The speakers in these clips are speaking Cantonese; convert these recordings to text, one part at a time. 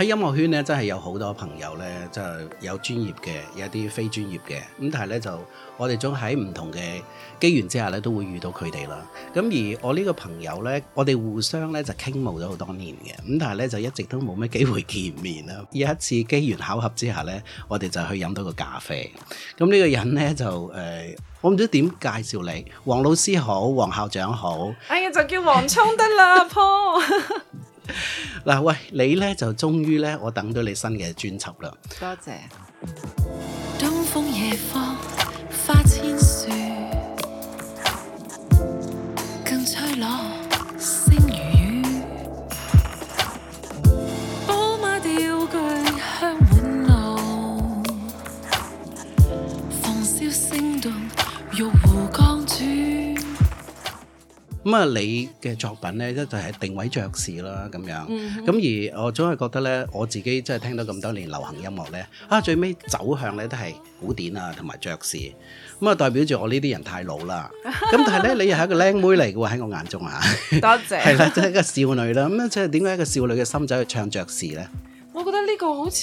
喺音樂圈咧，真係有好多朋友咧，即係有專業嘅，有啲非專業嘅。咁但係咧，就我哋總喺唔同嘅機緣之下咧，都會遇到佢哋啦。咁而我呢個朋友咧，我哋互相咧就傾慕咗好多年嘅。咁但係咧，就一直都冇咩機會見面啦。有一次機緣巧合之下咧，我哋就去飲到個咖啡。咁呢個人咧就誒、呃，我唔知點介紹你，黃老師好，黃校長好。哎呀，就叫黃冲得啦，Paul。嗱， 喂，你呢就終於呢，我等到你新嘅專輯啦，多謝。咁啊，你嘅作品咧一就係、是、定位爵士啦，咁樣。咁、嗯、而我總係覺得咧，我自己真係聽到咁多年流行音樂咧，啊最尾走向咧都係古典啊，同埋爵士。咁啊，代表住我呢啲人太老啦。咁但係咧，你又係一個靚妹嚟嘅喎，喺我眼中啊。多謝，謝。係 啦，就是、一個少女啦。咁即係點解一個少女嘅心走去唱爵士咧？我覺得呢個好似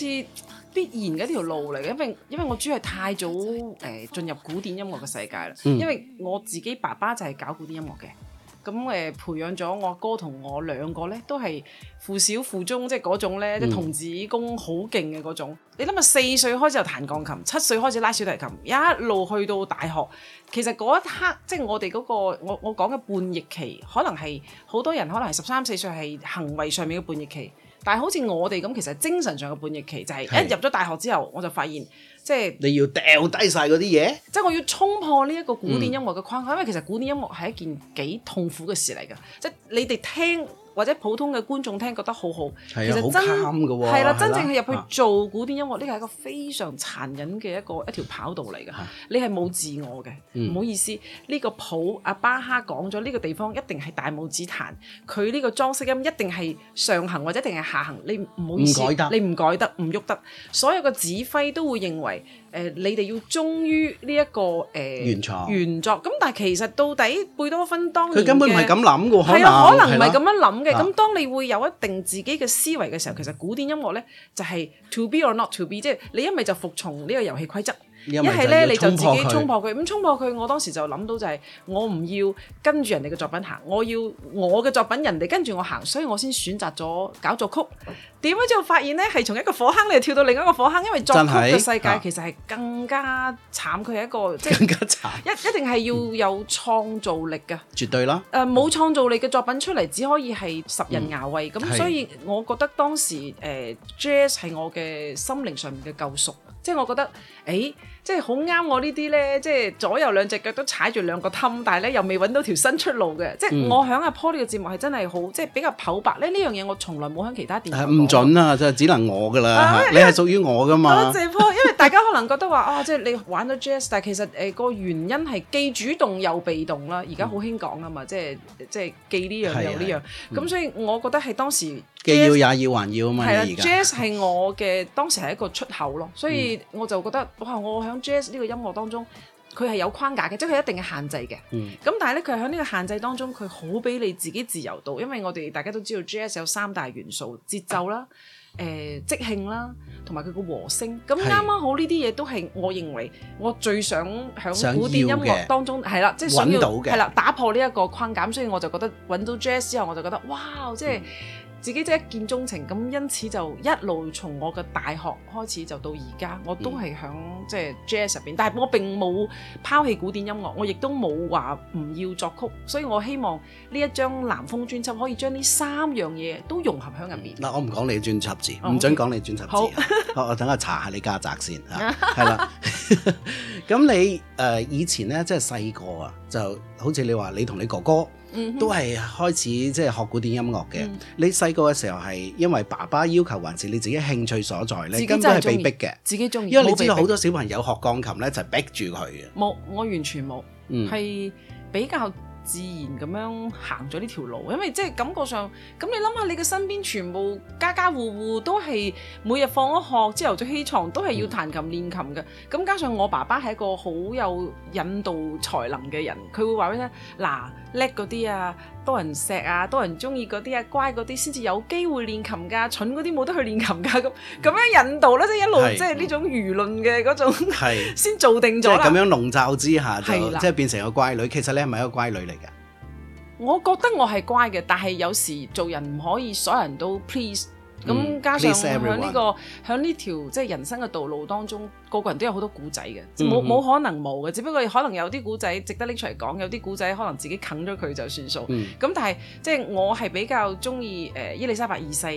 必然嘅一條路嚟嘅，因為因為我主要係太早誒、欸、進入古典音樂嘅世界啦、嗯。因為我自己爸爸就係搞古典音樂嘅。咁誒，培養咗我哥同我兩個呢都係附小附中，即係嗰種呢即係童子功好勁嘅嗰種。你諗下，四歲開始就彈鋼琴，七歲開始拉小提琴，一路去到大學。其實嗰一刻，即係我哋嗰個我我講嘅叛逆期，可能係好多人可能係十三四歲係行為上面嘅叛逆期，但係好似我哋咁，其實精神上嘅叛逆期，就係、是、一入咗大學之後，我就發現。即係你要掉低晒嗰啲嘢，即係我要衝破呢一個古典音樂嘅框架，嗯、因為其實古典音樂係一件幾痛苦嘅事嚟㗎，即係你哋聽，或者普通嘅觀眾聽覺得好好，其實真係啦、啊哦啊，真正係入去做古典音樂，呢個係一個非常殘忍嘅一個、啊、一條跑道嚟嘅、啊。你係冇自我嘅，唔、嗯、好意思。呢、呢個譜阿巴哈講咗，呢、呢個地方一定係大拇指彈，佢呢個裝飾音一定係上行或者一定係下行。你唔好意思，你唔改得，唔喐得，得。所有嘅指揮都會認為。誒、呃，你哋要忠於呢、這、一個誒原創原作，咁但係其實到底貝多芬當年佢根本唔係咁諗嘅，係啊，可能唔係咁樣諗嘅。咁當你會有一定自己嘅思維嘅時候，其實古典音樂咧就係、是、to be or not to be，即係你一咪就服從呢個遊戲規則，一係咧，你就自己衝破佢。咁衝破佢，我當時就諗到就係、是、我唔要跟住人哋嘅作品行，我要我嘅作品人哋跟住我行，所以我先選擇咗搞作曲。點樣之後發現呢？係從一個火坑嚟跳到另一個火坑，因為作曲嘅世界其實係更加慘，佢係一個即係、就是、更加一一定係要有創造力嘅，絕對啦。冇、呃、創造力嘅作品出嚟，只可以係拾人牙慧。咁、嗯、所以，我覺得當時誒、呃、Jazz 係我嘅心靈上面嘅救贖，即係我覺得，誒、欸。即係好啱我這些呢啲咧，即係左右兩隻腳都踩住兩個氹，但係咧又未揾到條新出路嘅、嗯。即係我響阿 Paul 呢個節目係真係好，即係比較剖白咧呢樣嘢，嗯這個、我從來冇響其他電唔准啊，就只能我噶啦、啊，你係屬於我噶嘛。多謝 Paul，因為大家可能覺得話 啊，即係你玩咗 Jazz，但係其實誒個原因係既主動又被動啦。而家好興講噶嘛，嗯、即係即係既呢樣又呢、這、樣、個，咁、嗯、所以我覺得係當時。既要也要還要啊嘛，而家！係啦，jazz 係我嘅當時係一個出口咯，所以我就覺得哇！我喺 jazz 呢個音樂當中，佢係有框架嘅，即係佢一定嘅限制嘅。咁、嗯、但係咧，佢喺呢個限制當中，佢好俾你自己自由度，因為我哋大家都知道 jazz 有三大元素：節奏啦、誒、呃、即興啦，同埋佢個和聲。咁啱啱好呢啲嘢都係我認為我最想響古典音樂當中係啦，即係想要係啦打破呢一個框架，所以我就覺得揾到 jazz 之後，我就覺得哇！即係自己即係一見鐘情咁，因此就一路從我嘅大學開始，就到而家，我都係響即係 Jazz 入邊。但係我並冇拋棄古典音樂，我亦都冇話唔要作曲。所以我希望呢一張南風專輯可以將呢三樣嘢都融合喺入面。嗱、嗯，我唔講你嘅專輯字，唔准講你專輯字。Okay. 好，我等下查下你家宅先嚇，係 啦是的。咁 你誒、呃、以前呢，即係細個啊，就好似你話你同你哥哥。嗯、都係開始即係學古典音樂嘅、嗯。你細個嘅時候係因為爸爸要求，還是你自己興趣所在？呢？至今都係被逼嘅。自己中意，因為你知道好多小朋友學鋼琴呢，就係逼住佢嘅。冇，我完全冇，係、嗯、比較自然咁樣行咗呢條路。因為即係感覺上，咁你諗下，你嘅身邊全部家家戶戶都係每日放咗學之後就起床都係要彈琴練琴嘅。咁、嗯、加上我爸爸係一個好有引導才能嘅人，佢會話俾你聽嗱。叻嗰啲啊，多人錫啊，多人中意嗰啲啊，乖嗰啲先至有機會練琴噶、啊，蠢嗰啲冇得去練琴噶、啊，咁咁樣引導咧，即係一路，即係呢種輿論嘅嗰種，係先做定咗即係咁樣籠罩之下就，就即係變成個乖女。其實咧，你係咪一個乖女嚟嘅？我覺得我係乖嘅，但係有時做人唔可以，所有人都 please。咁、嗯、加上呢、呢個喺呢條即係人生嘅道路當中，個個人都有好多古仔嘅，冇、mm、冇 -hmm. 可能冇嘅，只不過可能有啲古仔值得拎出嚟講，有啲古仔可能自己啃咗佢就算數。咁、mm -hmm. 但係即係我係比較中意誒伊麗莎白二世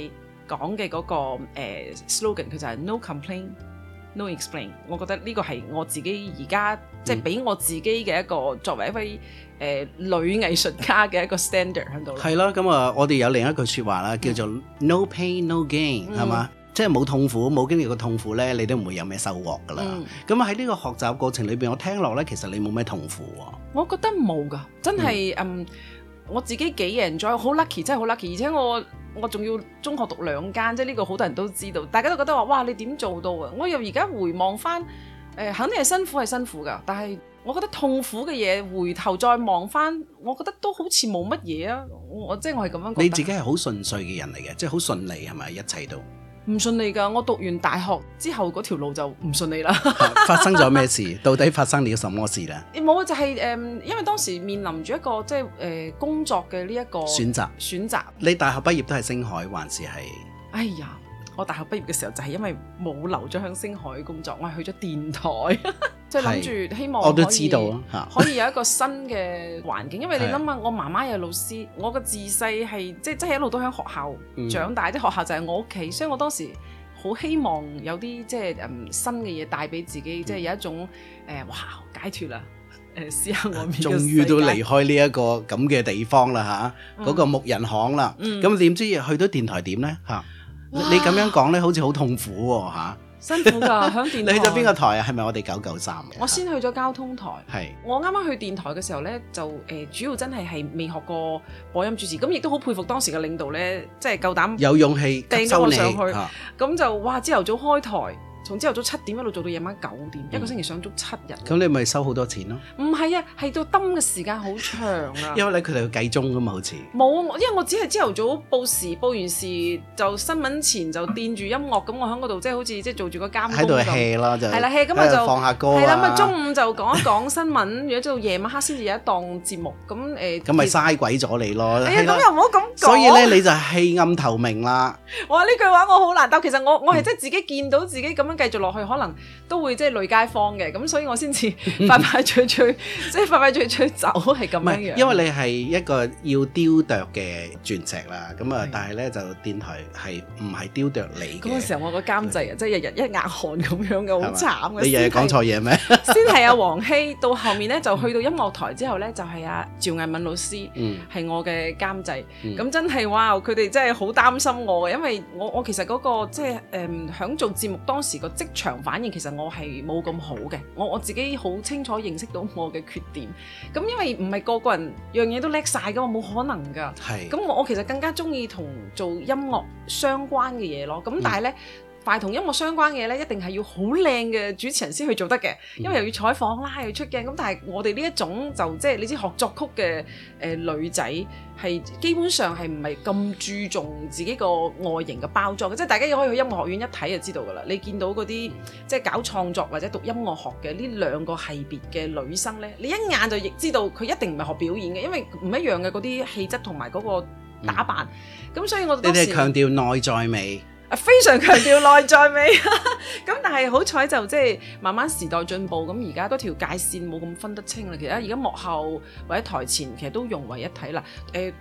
講嘅嗰個、呃、slogan，佢就係、是、no complaint，no explain。我覺得呢個係我自己而家、mm -hmm. 即係俾我自己嘅一個作為一位，誒、呃、女藝術家嘅一個 standard 喺度咯，係咯，咁啊，我哋有另一句説話啦，叫做 no pain no gain，係、嗯、嘛，即係冇痛苦，冇經歷過痛苦咧，你都唔會有咩收穫噶啦。咁喺呢個學習過程裏邊，我聽落咧，其實你冇咩痛苦喎。我覺得冇噶，真係嗯，嗯，我自己幾 enjoy，好 lucky，真係好 lucky，而且我我仲要中學讀兩間，即係呢個好多人都知道，大家都覺得話哇，你點做到啊？我又而家回望翻，誒、呃、肯定係辛苦係辛苦噶，但係。我覺得痛苦嘅嘢，回頭再望翻，我覺得都好似冇乜嘢啊。我即係、就是、我係咁樣講。你自己係好順遂嘅人嚟嘅，即係好順利係咪？一切都唔順利噶，我讀完大學之後嗰條路就唔順利啦、 哦。發生咗咩事？ 到底發生了什麼事呢？冇啊，就係、是、誒、嗯，因為當時面臨住一個即係誒工作嘅呢一個選擇選擇。你大學畢業都係星海，還是係？哎呀！我大學畢業嘅時候就係、是、因為冇留咗響星海工作，我係去咗電台，即係諗住希望可以我都知道可以有一個新嘅環境。 因為你諗下，我媽媽有老師，我個自細係即係一路都喺學校長大，啲、嗯、學校就係我屋企，所以我當時好希望有啲即係新嘅嘢帶俾自己，即、嗯、係、就是、有一種誒哇解脫啦！誒，試下我終於都離開呢一個咁嘅地方啦吓，嗰、嗯啊那個牧人行啦。咁、嗯、點知去到電台點呢？吓、嗯？你咁樣講呢，好似好痛苦喎，吓！辛苦噶，響電台。 你去咗邊個台啊？係咪我哋九九三？我先去咗交通台。係。我啱啱去電台嘅時候呢，就誒、呃，主要真係係未學過播音主持，咁亦都好佩服當時嘅領導呢，即係夠膽有勇氣掟我上去，咁、啊、就哇朝頭早開台。從朝頭早七點一路做到夜晚九點，一個星期上足七日。咁你咪收好多錢咯？唔係啊，係到蹲嘅時間好長啊。因為咧，佢哋要計鐘噶嘛，好似冇啊。因為我只係朝頭早報時，報完時就新聞前就墊住音樂咁，我喺嗰度即係好似即係做住個監。喺度 hea 啦，即係係啦 hea，咁咪就放下歌啦。咁啊，中午就講一講新聞，如果到夜晚黑先至有一檔節目，咁誒，咁咪嘥鬼咗你咯。哎呀，咁又唔好咁講。所以咧，你就棄暗投明啦。我話呢句話我好難，但係其實我我係真係自己見到自己咁樣。繼續落去可能都會即係累街坊嘅，咁所以我先至快快脆脆，即係快快脆脆走係咁樣樣。因為你係一個要雕琢嘅鑽石啦，咁啊，但係咧就電台係唔係雕琢你。嗰個時候我個監製啊，即係日日一額汗咁樣嘅，好慘嘅。你日日講錯嘢咩？先係阿黃希，到後面咧就去到音樂台之後咧，就係阿趙藝敏老師，嗯，係我嘅監製。咁真係哇，佢哋真係好擔心我嘅，因為我我其實嗰個即係誒響做節目當時個。即場反應其實我係冇咁好嘅，我我自己好清楚認識到我嘅缺點。咁因為唔係個個人樣嘢都叻晒㗎，冇可能㗎。咁我我其實更加中意同做音樂相關嘅嘢咯。咁但係呢。嗯同音樂相關嘅一定係要好靚嘅主持人先去做得嘅，因為又要採訪啦，又要出鏡。咁但係我哋呢一種就即係你知學作曲嘅女仔，係基本上係唔係咁注重自己個外形嘅包裝，即係大家可以去音樂學院一睇就知道㗎喇。你見到嗰啲即係搞創作或者讀音樂學嘅呢兩個系列嘅女生呢，你一眼就亦知道佢一定唔係學表演嘅，因為唔一樣嘅嗰啲氣質同埋嗰個打扮。咁、嗯、所以我你哋強調內在美。非常強調 內在美，咁 但係好彩就即係慢慢時代進步，咁而家嗰條界線冇咁分得清啦。其實而家幕後或者台前其實都融為一體啦。誒、呃，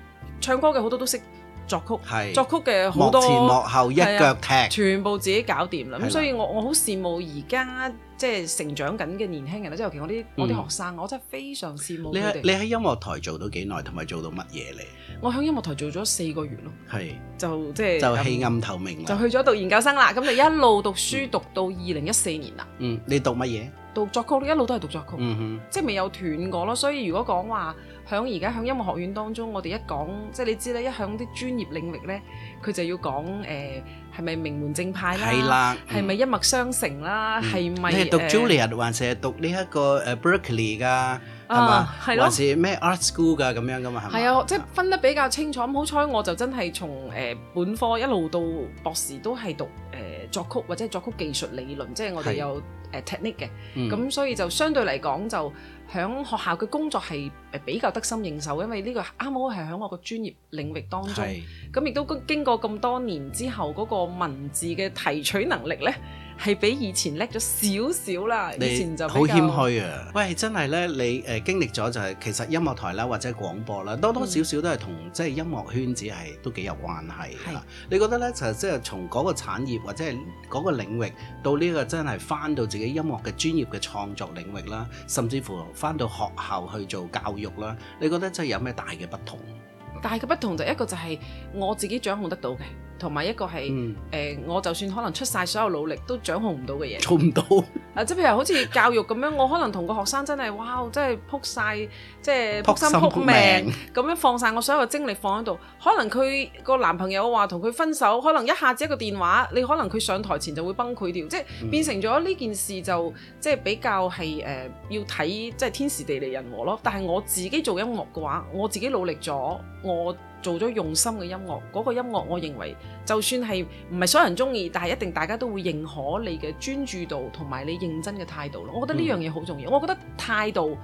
唱歌嘅好多都識。作曲係作曲嘅，幕前幕後一腳踢是，全部自己搞掂啦。咁所以我我好羨慕而家即係成長緊嘅年輕人啦。即係尤其我啲、嗯、我啲學生，我真係非常羨慕佢哋。你喺你喺音樂台做到幾耐，同埋做到乜嘢咧？我響音樂台做咗四個月咯，係就即係就棄、是、暗投明，就去咗讀研究生啦。咁就一路讀書、嗯、讀到二零一四年啦。嗯，你讀乜嘢？讀作曲，一路都係讀作曲。嗯、即係未有斷過咯。所以如果講話。喺而家喺音樂學院當中，我哋一講，即係你知咧，一喺啲專業領域咧，佢就要講誒係咪名門正派啦，係啦，係咪一脈相承啦，係咪？你係讀 Juilliard 還是係讀呢一個誒 Berkeley 噶？啊，係啦，還是咩 Art School 噶咁樣噶嘛？係啊，即係分得比較清楚。咁好彩我就真係從誒本科一路到博士都係讀誒作曲或者係作曲技術理論，即係我哋有誒 technique 嘅。咁所以就相對嚟講就。喺學校嘅工作係比較得心應手，因為呢個啱好係喺我個專業領域當中，咁亦都經過咁多年之後，嗰個文字嘅提取能力呢，係比以前叻咗少少啦，以前就好謙虛啊！喂，真係呢？你誒經歷咗就係，其實音樂台啦或者廣播啦，多多少少都係同即係音樂圈子係都幾有關係。你覺得呢？其實即係從嗰個產業或者係嗰個領域到呢個真係返到自己音樂嘅專業嘅創作領域啦，甚至乎返到學校去做教育啦，你覺得真係有咩大嘅不同？大嘅不同就是一個就係我自己掌控得到嘅。同埋一個係、嗯呃、我就算可能出晒所有努力，都掌控唔到嘅嘢，做唔到啊！即譬如好似教育咁樣，我可能同個學生真係，哇！真係撲晒，即係撲心撲命咁樣放晒我所有嘅精力放喺度。可能佢個男朋友話同佢分手，可能一下子一個電話，你可能佢上台前就會崩潰掉，嗯、即係變成咗呢件事就即係比較係、呃、要睇即係天時地利人和咯。但係我自己做音樂嘅話，我自己努力咗，我。做咗用心嘅音樂，嗰、嗰個音樂我認為就算係唔係所有人中意，但係一定大家都會認可你嘅專注度同埋你認真嘅態度咯。我覺得呢樣嘢好重要、嗯。我覺得態度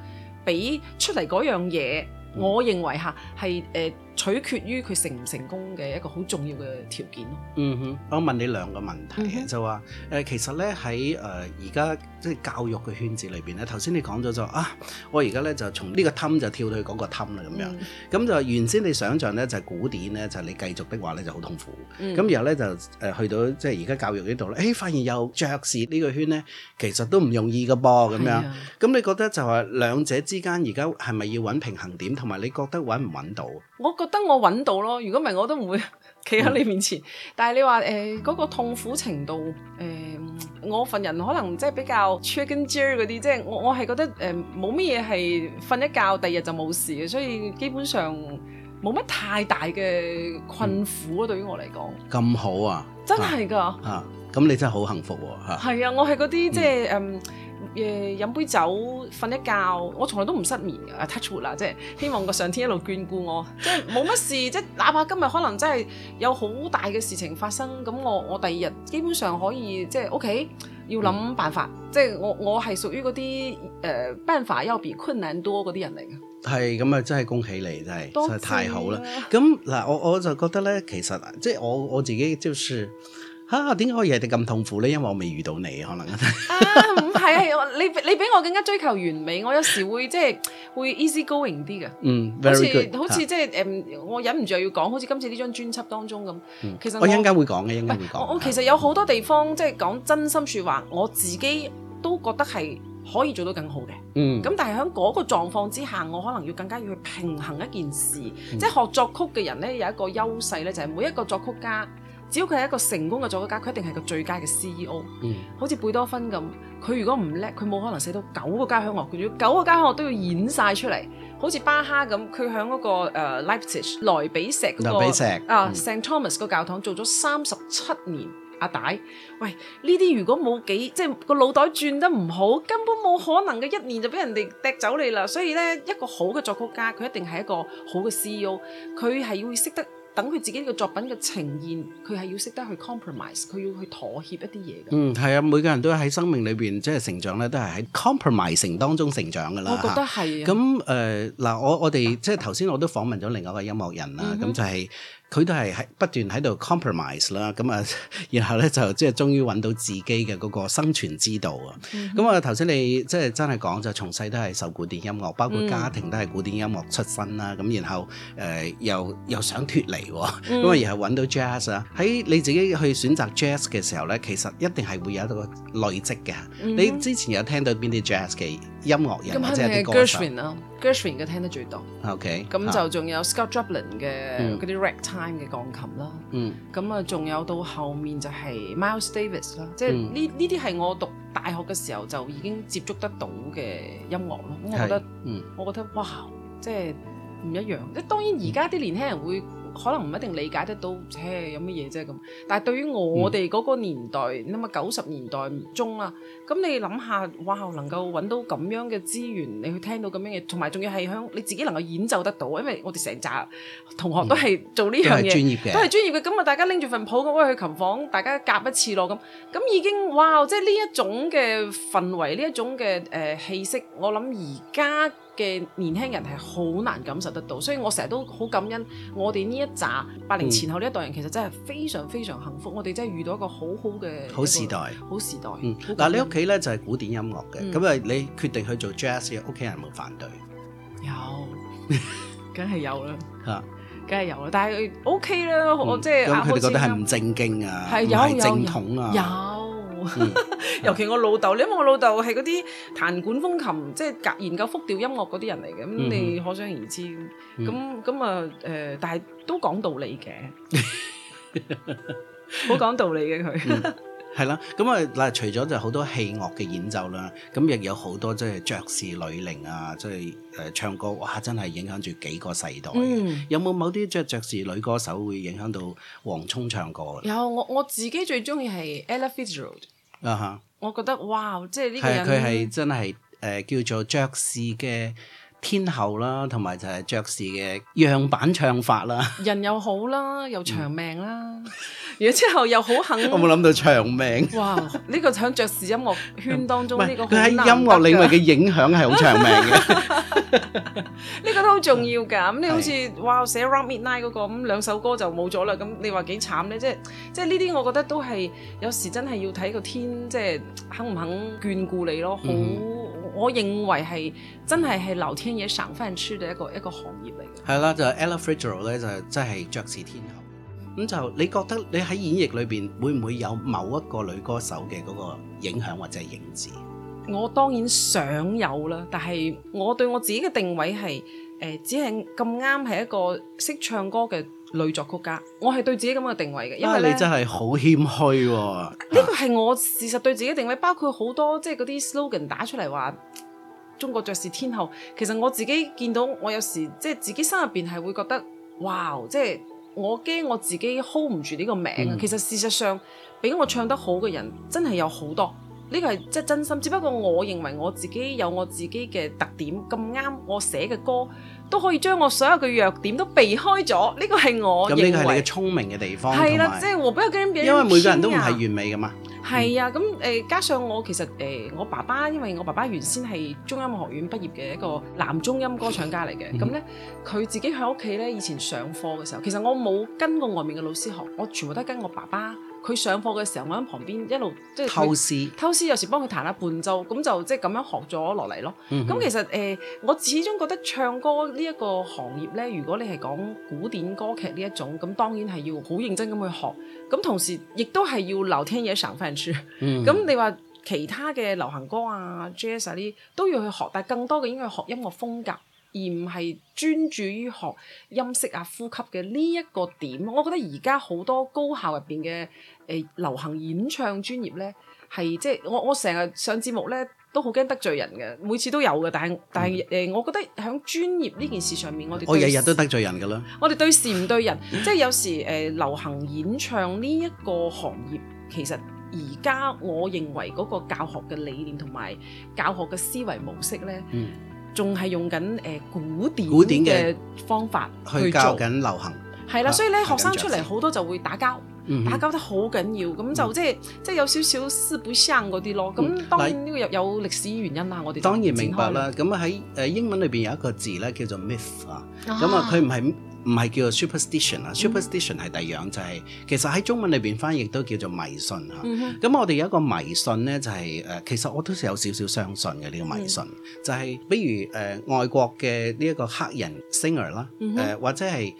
比出嚟嗰樣嘢，我認為嚇係誒。嗯呃取決於佢成唔成功嘅一個好重要嘅條件咯。嗯哼，我問你兩個問題，嗯、就話誒、呃、其實咧喺誒而家即係教育嘅圈子裏邊咧，頭先你講咗就啊，我而家咧就從呢個氹就跳到去嗰個氹啦咁樣。咁、嗯、就原先你想象咧就係、古典咧就係、你繼續的話咧就好痛苦。咁、嗯、然後咧就誒去到即係而家教育呢度咧，誒、哎、發現有爵士呢個圈咧其實都唔容易嘅噃咁樣。咁、啊、你覺得就話兩者之間而家係咪要揾平衡點，同埋你覺得揾唔揾到？我覺得我揾到咯，如果唔係我都唔會企喺你面前。嗯、但係你話誒嗰個痛苦程度誒、呃，我份人可能即係比較 check in gear 嗰啲，即、就、係、是、我我係覺得誒冇乜嘢係瞓一覺，第二日就冇事嘅，所以基本上冇乜太大嘅困苦咯、嗯。對於我嚟講，咁好啊，真係噶吓，咁、啊啊、你真係好幸福喎、啊、吓，係啊，啊，我係嗰啲即係誒。就是嗯誒、yeah, 飲杯酒，瞓一覺，我從來都唔失眠嘅，touch wood 啦，即係希望個上天一路眷顧我，即係冇乜事， 即係哪怕今日可能真係有好大嘅事情發生，咁我我第二日基本上可以即係 OK，要諗辦法，嗯、即係我我係屬於嗰啲誒辦法又比困難多嗰啲人嚟嘅。係咁啊，真係恭喜你，真係實在太好啦！咁、啊、嗱，我我就覺得咧，其實即係我我自己就是。嚇，點解我日日咁痛苦咧？因為我未遇到你，可能啊，唔係啊，是你你比我更加追求完美。我有時會即係會 easy going 啲嘅，mm, very 像 good, 像 yeah. 嗯，好似好似即係誒，我忍唔住要講，好似今次呢張專輯當中咁。其實我一陣間會講嘅，應該會講。我其實有好多地方即係講真心説話，我自己都覺得係可以做到更好嘅。嗯，咁但係喺嗰個狀況之下，我可能要更加要去平衡一件事。Mm. 即係學作曲嘅人咧，有一個優勢咧，就係、是、每一個作曲家，只要佢係一個成功嘅作曲家，佢一定係個最佳嘅 CEO。嗯，好似貝多芬咁，佢如果唔叻，佢冇可能寫到九個交響樂，佢要九個交響樂都要演晒出嚟。好似巴哈咁，佢響嗰個誒萊、uh, 比錫嗰、那個比錫、嗯、啊 Saint Thomas 個教堂做咗三十七年阿大，喂，呢啲如果冇幾即係、就是、個腦袋轉得唔好，根本冇可能嘅，一年就俾人哋掟走你啦。所以咧，一個好嘅作曲家，佢一定係一個好嘅 CEO，佢係要識得。等佢自己嘅作品嘅呈現，佢係要識得去 compromise，佢要去妥協一啲嘢嘅。嗯，係啊，每個人都喺生命裏面，即係成長咧，都係喺 compromise 成當中成長㗎啦。我覺得係啊。咁誒嗱，我我哋即係頭先我都訪問咗另外一位音樂人啦，咁就係。佢都係喺不斷喺度 compromise 啦，咁啊，然後咧就即係終於揾到自己嘅嗰個生存之道啊！咁、mm、啊 -hmm.，頭先你即係真係講就從細都係受古典音樂，包括家庭都係古典音樂出身啦，咁、mm -hmm. 然後誒、呃、又又想脫離，咁、mm、啊 -hmm. 然後揾到 jazz 啊！喺你自己去選擇 jazz 嘅時候咧，其實一定係會有一個累積嘅。Mm -hmm. 你之前有聽到邊啲 jazz 嘅？音樂人咁肯定係 Gershwin 啦、啊、Gershwin 嘅、啊、聽得最多。OK，咁就仲有 Scott、啊、Joplin 嘅嗰啲、嗯、Ragtime 嘅鋼琴啦。嗯，咁啊，仲有到後面就係 Miles Davis 啦。嗯、即係呢呢啲係我讀大學嘅時候就已經接觸得到嘅音樂咯。嗯、我覺得，嗯，我覺得哇，即係唔一樣。即係當然而家啲年輕人會、嗯、可能唔一定理解得到，嘿，有乜嘢啫咁。但係對於我哋嗰個年代，嗯、你諗下九十年代中啦。咁你諗下，哇！能夠揾到咁樣嘅資源，你去聽到咁樣嘅，同埋仲要係響你自己能夠演奏得到，因為我哋成扎同學都係做呢樣嘢，專業嘅，都係專業嘅。咁啊，大家拎住份譜咁，我，去琴房大家夾一次咯，咁，咁已經哇！即係呢一種嘅氛圍，呢一種嘅誒氣息，我諗，而家嘅年輕人係好難感受得到。所以我成日都好感恩我哋呢一扎八零前後呢一代人，嗯、其實真係非常非常幸福。我哋真係遇到一個好好嘅好時代，好時代。嗯，屋企咧，就係古典音樂嘅，咁啊你決定去做 jazz，屋企人有冇反對？有，梗係有啦，吓，梗係有啦，但係 OK 啦，我即係咁佢哋覺得係唔正經啊，唔係正統啊，有，尤其我老豆，你諗我老豆係嗰啲彈管風琴，即係研究複調音樂嗰啲人嚟嘅，咁你可想而知，咁咁啊誒，但係都講道理嘅，好講道理嘅佢。係啦，咁啊嗱，除咗就好多器樂嘅演奏啦，咁亦有好多即係爵士女伶啊，即係誒唱歌，哇！真係影響住幾個世代嘅、嗯。有冇某啲即爵士女歌手會影響到王璁唱歌？有、嗯、我我自己最中意係 Ella Fitzgerald 啊嚇！我覺得哇，即係呢個人佢係真係誒、呃、叫做爵士嘅。天后啦，同埋就係爵士嘅樣板唱法啦，人又好啦，又長命啦，而、嗯、之後又好肯， 我冇諗到長命，哇！呢、這個響爵士音樂圈當中，呢、嗯這個佢喺音樂領域嘅影響係好長命嘅，呢個都好重要噶。咁、嗯、你好似哇，寫《Round Midnight》嗰、那個咁兩首歌就冇咗啦，咁你話幾慘咧？即係即係呢啲，我覺得都係有時真係要睇個天，即係肯唔肯眷顧你咯。好、嗯，我認為係真係係流天。嘢賞飯吃嘅一個一個行業嚟嘅，係啦，就 Ella Fitzgerald 咧就真係爵士天后。咁就你覺得你喺演繹裏邊會唔會有某一個女歌手嘅嗰個影響或者影子？我當然想有啦，但係我對我自己嘅定位係誒，只係咁啱係一個識唱歌嘅女作曲家。我係對自己咁嘅定位嘅，因為，你真係好謙虛喎！呢個係我事實對自己定位，包括好多即係嗰啲 slogan 打出嚟話。中國爵士天后，其實我自己見到，我有時即係自己心入邊係會覺得，哇！即係我驚我自己 hold 唔住呢個名，嗯。其實事實上，比我唱得好嘅人真係有好多，呢個係即係真心。只不過我認為我自己有我自己嘅特點咁啱，這麼我寫嘅歌都可以將我所有嘅弱點都避開咗。呢個係我認為係你嘅聰明嘅地方。係啦，即係我比較驚，因為每個人都唔係完美噶嘛。係啊，咁、呃、加上我其實、呃、我爸爸，因為我爸爸原先係中央音樂學院畢業嘅一個男中音歌唱家嚟嘅，咁 呢，佢自己喺屋企呢，以前上課嘅時候，其實我冇跟過外面嘅老師學，我全部都係跟我爸爸。佢上課嘅時候，我喺旁邊一路即係偷師，偷、就、師、是、有時幫佢彈下伴奏，咁就即係咁樣學咗落嚟咯。咁、嗯、其實、呃、我始終覺得唱歌呢一個行業咧，如果你係講古典歌劇呢一種，咁當然係要好認真咁去學，咁同時亦都係要留聽嘢上翻書。咁、嗯、你話其他嘅流行歌啊、Jazz 啊啲都要去學，但係更多嘅應該學音樂風格。而唔係專注於學音色啊、呼吸嘅呢一個點，我覺得而家好多高校入邊嘅誒流行演唱專業呢，係即係我我成日上節目呢都好驚得罪人嘅，每次都有嘅，但係、嗯、但係誒、呃，我覺得喺專業呢件事上面，我我日日都得罪人㗎啦。我哋對事唔對人， 即係有時誒、呃、流行演唱呢一個行業，其實而家我認為嗰個教學嘅理念同埋教學嘅思維模式咧。嗯仲係用緊誒古典嘅方法去，去教緊流行，係啦，所以咧學生出嚟好多就會打交。Mm -hmm. 打交得好緊要，咁就即係、mm -hmm. 即係有少少 superstition 嗰啲咯。咁當然呢個有有歷史原因啦、啊。我哋當然明白啦。咁喺誒英文裏邊有一個字咧叫做 myth 啊。咁啊，佢唔係唔係叫做 superstition 啊。superstition 係第二樣，就係、是、其實喺中文裏邊翻譯都叫做迷信嚇。咁、啊 mm -hmm. 我哋有一個迷信咧，就係、是、誒、呃，其實我都有少少相信嘅呢、mm -hmm. 個迷信。就係、是、比如誒、呃，外國嘅呢一個黑人 singer 啦，誒、呃 mm -hmm. 或者係。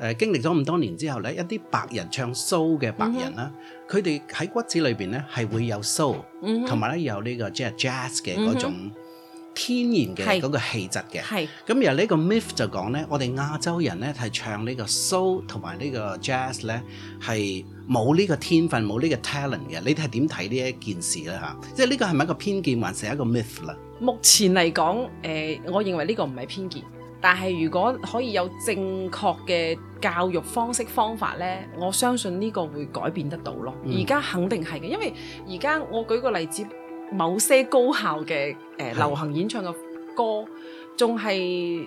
誒經歷咗咁多年之後咧，一啲白人唱 soul 嘅白人啦，佢哋喺骨子裏邊咧係會有 soul 同埋咧有呢、呢個即係 jazz 嘅嗰種、嗯、天然嘅嗰、嗰個氣質嘅。咁而呢個 myth 就講咧，我哋亞洲人咧係唱呢個 soul 同埋呢個 jazz 咧係冇呢個天分冇呢個 talent 嘅。你哋係點睇呢一件事咧吓，即係呢個係咪一個偏見還是一個 myth 啦？目前嚟講，誒、呃，我認為呢個唔係偏見。但係如果可以有正確嘅教育方式方法呢，我相信呢個會改變得到咯。嗯、而家肯定係嘅，因為而家我舉個例子，某些高校嘅誒、呃、流行演唱嘅歌仲係，還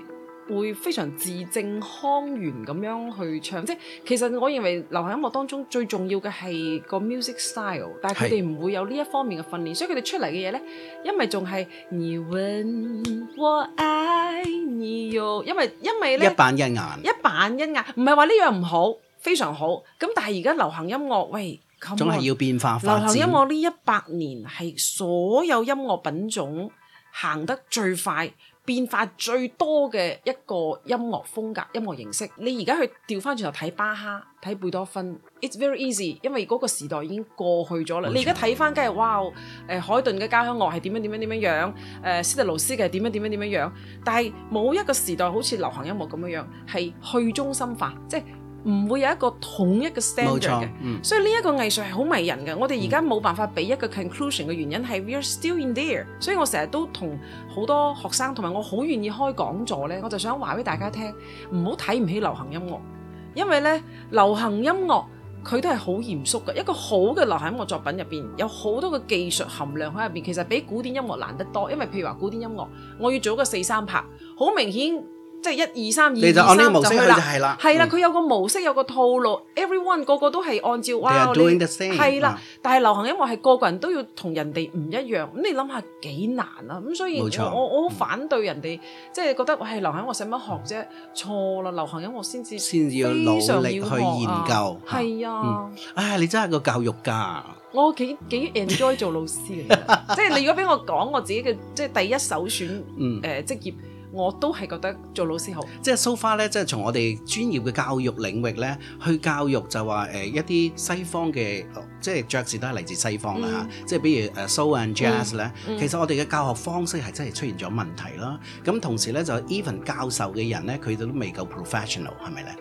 是會非常字正腔圓咁樣去唱，即係其實我認為流行音樂當中最重要嘅係個 music style，但係佢哋唔會有呢一方面嘅訓練，所以佢哋出嚟嘅嘢呢，因為仲係、你問我愛你哦，因為因為呢一板一眼，一板一眼，唔係話呢樣唔好，非常好。咁但係而家流行音樂喂，come on, 總係要變化發展。流行音樂呢一百年係所有音樂品種行得最快。變化最多嘅一個音樂風格、音樂形式，你而家去調翻轉頭睇巴哈、睇貝多芬，It's very easy，因為嗰個時代已經過去咗啦。你而家睇翻，梗係哇，誒、呃、海頓嘅交響樂係點樣點樣點樣樣，誒、呃、斯特勞斯嘅係點樣點樣點樣樣，但係冇一個時代好似流行音樂咁樣樣，係去中心化，即係。唔會有一個統一嘅 standard 嘅，所以呢一個藝術係好迷人嘅。我哋而家冇辦法俾一個 conclusion 嘅原因係、嗯、we are still in there。所以我成日都同好多學生同埋我好願意開講座呢，我就想話俾大家聽，唔好睇唔起流行音樂，因為呢流行音樂佢都係好嚴肅嘅。一個好嘅流行音樂作品入面，有好多嘅技術含量喺入面，其實比古典音樂難得多。因為譬如話古典音樂，我要做一個四三拍，好明顯。即係一二三，二二三就係啦，係啦，佢、嗯、有個模式，有個套路，everyone 個個都係按照哇，你係啦，但係流行音樂係個個人都要同人哋唔一樣，咁你諗下幾難啊？咁所以我我好反對人哋、嗯、即係覺得係流行音樂使乜學啫？錯、哎、啦，流行音樂先至先至要努力去研究，係啊，唉、啊嗯哎，你真係個教育家，我幾幾 enjoy 做老師嘅， 即係你如果俾我講我自己嘅即係第一首選誒、嗯呃、職業。我都係覺得做老師好。即係 so far 咧，即係從我哋專業嘅教育領域咧，去教育就話一啲西方嘅，即係爵士都係嚟自西方啦、嗯、即係比如 soul and jazz 咧、嗯嗯，其實我哋嘅教學方式係真係出現咗問題啦。咁同時咧就 even 教授嘅人咧，佢都都未夠 professional 係咪咧？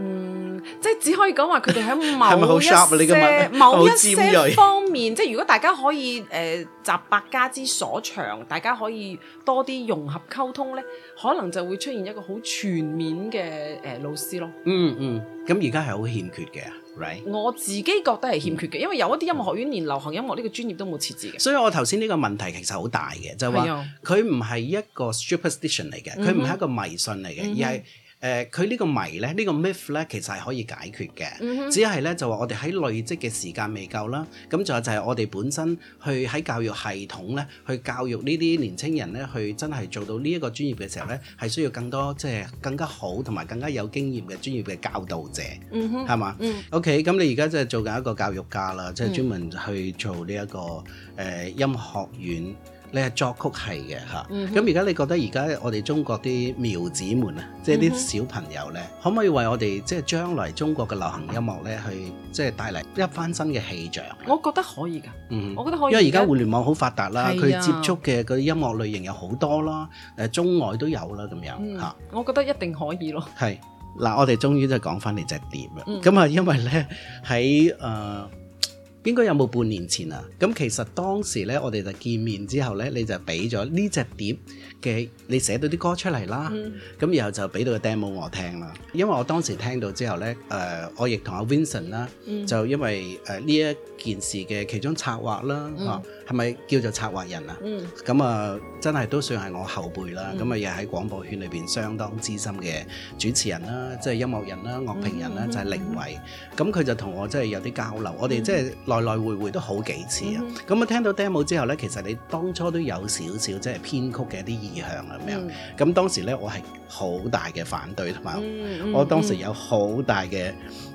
嗯，即係只可以講話佢哋喺某一些、 某一些方面， 即係如果大家可以誒、呃、集百家之所長，大家可以多啲融合溝通呢，可能就會出現一個好全面嘅誒、呃、老師咯。嗯嗯，咁而家係好欠缺嘅、right? 我自己覺得係欠缺嘅、嗯，因為有一啲音樂學院連流行音樂呢個專業都冇設置嘅。所以我頭先呢個問題其實好大嘅，就係話佢唔係一個 superstition 嚟嘅，佢唔係一個迷信嚟嘅、嗯，而係。誒佢呢個迷呢，呢、呢個 myth 呢，其實係可以解決嘅，mm -hmm. 只係呢，就話我哋喺累積嘅時間未夠啦。咁仲有就係我哋本身去喺教育系統呢，去教育呢啲年青人呢，去真係做到呢一個專業嘅時候呢，係需要更多即係、即係、更加好同埋更加有經驗嘅專業嘅教導者，係、mm、嘛 -hmm. mm -hmm. OK，咁你而家即係做緊一個教育家啦，即係專門去做呢、呢、一個、mm -hmm. 呃、音樂院。你係作曲系嘅嚇，咁而家你覺得而家我哋中國啲苗子們啊，即係啲小朋友咧、嗯，可唔可以為我哋即係將來中國嘅流行音樂咧，去即係、就是、帶嚟一番新嘅氣象？我覺得可以㗎，嗯，我覺得可以，因為而家互聯網好發達啦，佢接觸嘅啲音樂類型有好多啦，誒、啊、中外都有啦咁樣嚇、嗯。我覺得一定可以咯。係嗱，我哋終於都係講翻嚟隻碟啦，咁啊，嗯、因為咧喺誒。應該有冇半年前啊？咁其實當時咧，我哋就見面之後咧，你就俾咗呢隻碟嘅，你寫到啲歌出嚟啦。咁、嗯、然後就俾到個 demo 我聽啦。因為我當時聽到之後咧，誒、呃，我亦同阿 Vincent 啦、嗯，就因為誒呢、呃、一件事嘅其中策劃啦，嚇係咪叫做策劃人啊？咁、嗯、啊，真係都算係我後輩啦。咁、嗯、啊，又喺廣播圈裏邊相當資深嘅主持人啦，即、就、係、是、音樂人啦、樂評人啦，嗯、就係凌偉。咁、嗯、佢就同我真係有啲交流，我哋即係。來來回回都好幾次啊！咁、嗯、啊，我聽到 demo 之後呢，其實你當初都有少少即係編曲嘅一啲意向，咁、嗯、當時呢，我係好大嘅反對同埋，我當時有好大嘅、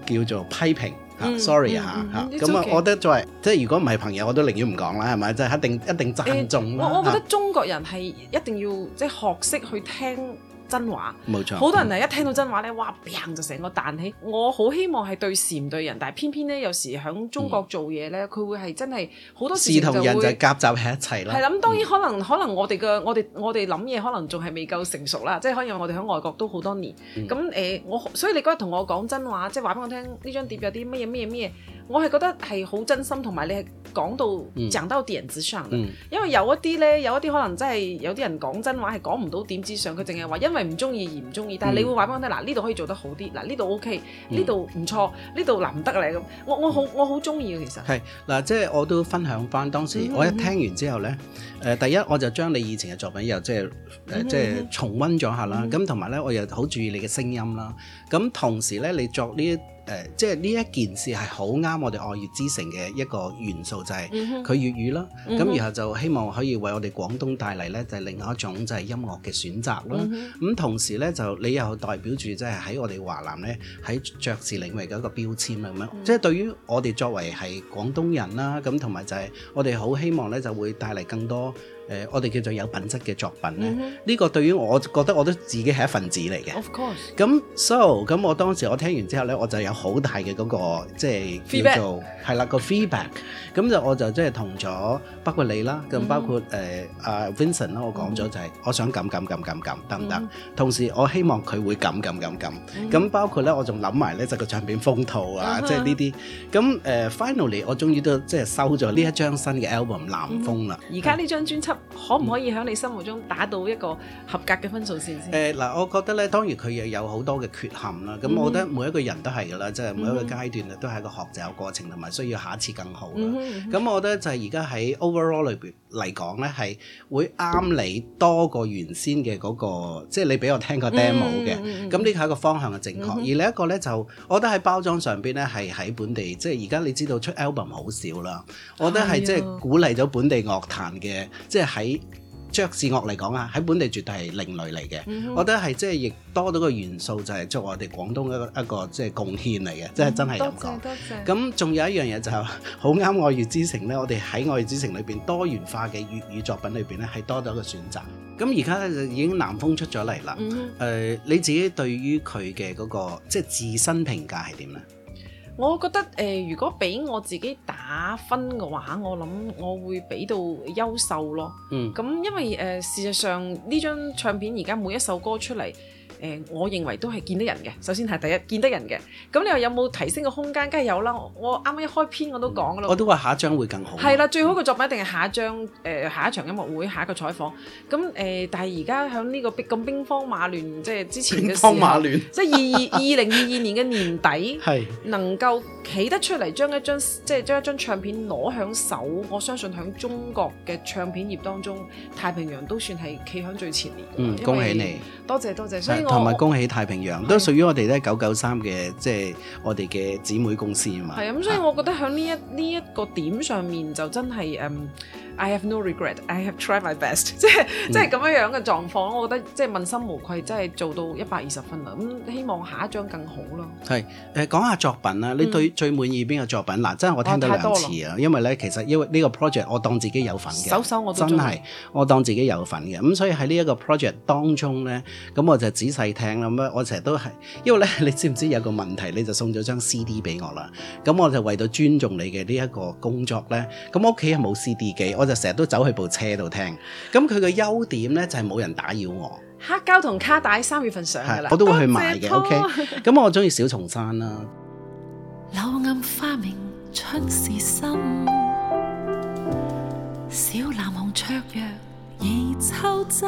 嗯、叫做批評 sorry 嚇咁啊，嗯啊嗯嗯啊嗯 okay. 我覺得作為即係如果唔係朋友，我都寧願唔講啦，係咪？即、就、係、是、一定一定尊重。我、嗯、我覺得中國人係一定要即係、就是、學識去聽。真話冇錯，好多人係一聽到真話咧，哇！嗯、就成個彈起。我好希望係對事唔對人，但係偏偏咧有時喺中國做嘢咧，佢、嗯、會係真係好多事情，事同人就會夾雜喺一齊啦。係咁，當然可能、嗯、可能我哋嘅我哋我哋諗嘢可能仲係未夠成熟啦，即係可能因為我哋喺外國都好多年。咁、嗯、誒、呃，我所以你嗰日同我講真話，即係話俾我聽呢張碟有啲乜嘢咩嘢咩嘢？我係覺得係好真心，同埋你係講到掙到啲人之上嘅、嗯、因為有一啲呢，有一啲可能真係有啲人講真話係講唔到點之上，佢淨係話因為唔中意而唔中意。但係你會話畀我聽，嗱呢度可以做得好啲，嗱呢度 OK，呢度唔錯，呢度難得你。」咁。我我，我，我好我好中意嘅其實。係嗱，即係我都分享翻當時我一聽完之後呢，誒、嗯呃、第一我就將你以前嘅作品又、就是嗯呃嗯、即係即係重溫咗下啦。咁、嗯嗯、同埋呢，我又好注意你嘅聲音啦。咁同時呢，你作呢？誒、呃，即係呢一件事係好啱我哋愛粵之城嘅一個元素，就係、是、佢粵語啦。咁、嗯、然後就希望可以為我哋廣東帶嚟呢就是、另外一種就係音樂嘅選擇啦。咁、嗯、同時呢，就你又代表住即係喺我哋華南呢，喺爵士領域嘅一個標籤咁樣即係、嗯就是、對於我哋作為係廣東人啦，咁同埋就係我哋好希望呢就會帶嚟更多。誒、呃，我哋叫做有品質嘅作品咧，呢、mm -hmm. 個對於我覺得我都自己係一份子嚟嘅。Of course。咁 so 咁，我當時我聽完之後咧，我就有好大嘅、個即係叫做係啦、個 feedback。咁就我就即係同咗包括你啦，咁包括誒啊、mm -hmm. 呃、Vincent 啦，我講咗就係我想咁咁咁咁咁得唔得，mm -hmm. 行行 mm -hmm. 同時我希望佢會咁咁咁咁咁。包括咧，我仲諗埋咧就個唱片風套啊，mm -hmm. 即係呢啲。咁誒、呃、finally 我終於都即係收咗呢一張新嘅 album、mm -hmm.《南風》啦。而家呢張專輯。可唔可以喺你心目中打到一個合格嘅分數線先？誒、嗯、嗱、呃，我覺得咧，當然佢又有好多嘅缺陷啦。咁我覺得每一個人都係㗎啦，即、嗯、係、就是、每一個階段咧都係個學習嘅過程，同、嗯、埋需要下一次更好啦。咁、嗯嗯、我覺得就係而家喺 overall level 嚟講咧，係會啱你多過原先嘅嗰、那個，即、就、係、是、你俾我聽個 demo 嘅。咁呢個係一個方向嘅正確、嗯。而另一個咧，就我覺得喺包裝上邊咧，係喺本地，即係而家你知道出 album 好少啦。我覺得係即係鼓勵咗本地樂壇嘅，即、哎、係。就是喺爵士樂嚟講啊，喺本地絕對係另類嚟嘅、嗯。我覺得係即係亦多咗個元素，就係、是、作我哋廣東一個一個即係貢獻嚟嘅，即、嗯、係真係咁講。咁仲有一樣嘢就好、是、啱《很愛粵之城》咧。我哋喺《愛粵之城裡面》裡邊多元化嘅粵語作品裡邊咧，係多咗個選擇。咁而家咧就已經南風出咗嚟啦。誒、嗯呃，你自己對於佢嘅嗰個即係、就是、自身評價係點咧？我覺得，呃，如果俾我自己打分嘅話，我諗我會俾到優秀咯。咁，嗯，因為誒、呃，事實上呢張唱片而家每一首歌出嚟。誒、呃，我認為都係見得人嘅。首先係第一見得人嘅，咁你又有冇提升嘅空間？梗係有啦。我啱啱一開篇我都講啦。我都話下一張會更好，啊。係啦，最好嘅作品一定係下一張誒、呃，下一場音樂會，下一個採訪。咁誒、呃，但係而家響呢個兵咁兵荒馬亂，即係之前嘅兵即係二二零二二年嘅年底， 能夠企得出嚟將一張即係將一張唱片攞響手，我相信響中國嘅唱片業當中，太平洋都算係企響最前面、嗯。恭喜你！多謝多謝，所以我同、哦、埋恭喜太平洋都屬於我哋咧九九三嘅，即係我哋嘅姊妹公司啊嘛。係啊，咁所以我覺得響呢一呢一個點上面就真係誒、um, I have no regret，I have tried my best，、嗯、即係即係咁樣樣嘅狀況我覺得即係問心無愧，真係做到一百二十分啦。咁希望下一張更好咯，係誒，講下作品啦、嗯。你對最滿意邊個作品？嗱，真係我聽到兩次啊。因為咧，其實因為呢個 project，我當自己有份嘅，首首我真係我當自己有份嘅。咁所以喺呢一個 project 當中咧，咁我就只。細聽咁啊，我成日都係，因為咧，你知唔知有個問題，你就送咗張 C D 俾我啦，咁我就為到尊重你嘅呢一個工作咧，咁我屋企係冇 C D 機，我就成日都走去部車度聽，咁佢嘅優點咧就係冇人打擾我。黑膠同卡帶三月份上噶啦，我都會去買嘅，OK，咁、okay? 我中意小重山啦。柳暗花明春事深，小闌紅灼灼，已秋洲。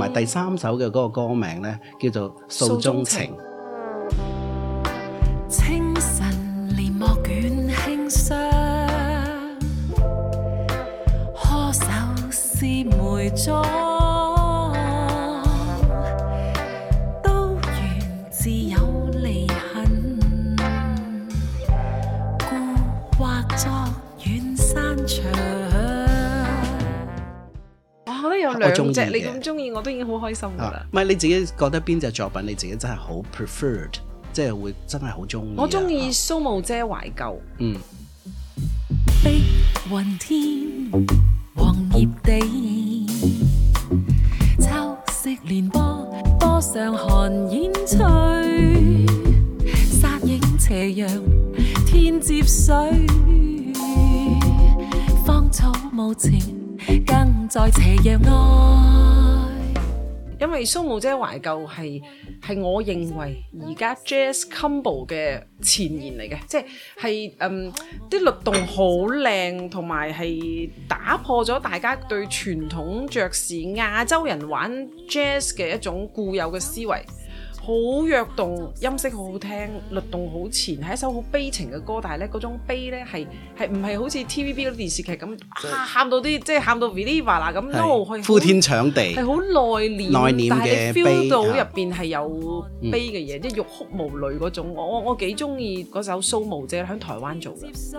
同埋第三首嘅嗰個歌名呢，叫做《訴衷情》。清晨簾幕捲輕霜，呵手試梅妝。都緣自有離恨，故畫作遠山長。我覺得有兩隻你咁中。我都已經好開心噶啦！唔、啊、係你自己覺得邊隻作品你自己真係好 preferred，r e 即係會真係好中意。我中意、啊《蘇幕遮·懷舊》。嗯。碧雲天，黃葉地，秋色連波，波上寒煙翠。山映斜陽天接水，芳草無情更在斜陽外。因為蘇幕遮懷舊係，係我認為而家 jazz combo 嘅前言嚟嘅，即係係嗯啲律動好靚，同埋係打破咗大家對傳統爵士亞洲人玩 jazz 嘅一種固有嘅思維。好躍動，音色好好聽，律動好前，係一首好悲情嘅歌。但係咧，嗰種悲咧係係唔係好似 TVB 嗰啲電視劇咁喊到啲，即係喊到 release 啦咁，no，呼天搶地，係好內斂，內斂嘅悲。但係你 feel 到入邊係有悲嘅嘢，即係欲哭無淚嗰種。我我我幾鍾意嗰首《蘇幕遮》喺台灣做嘅。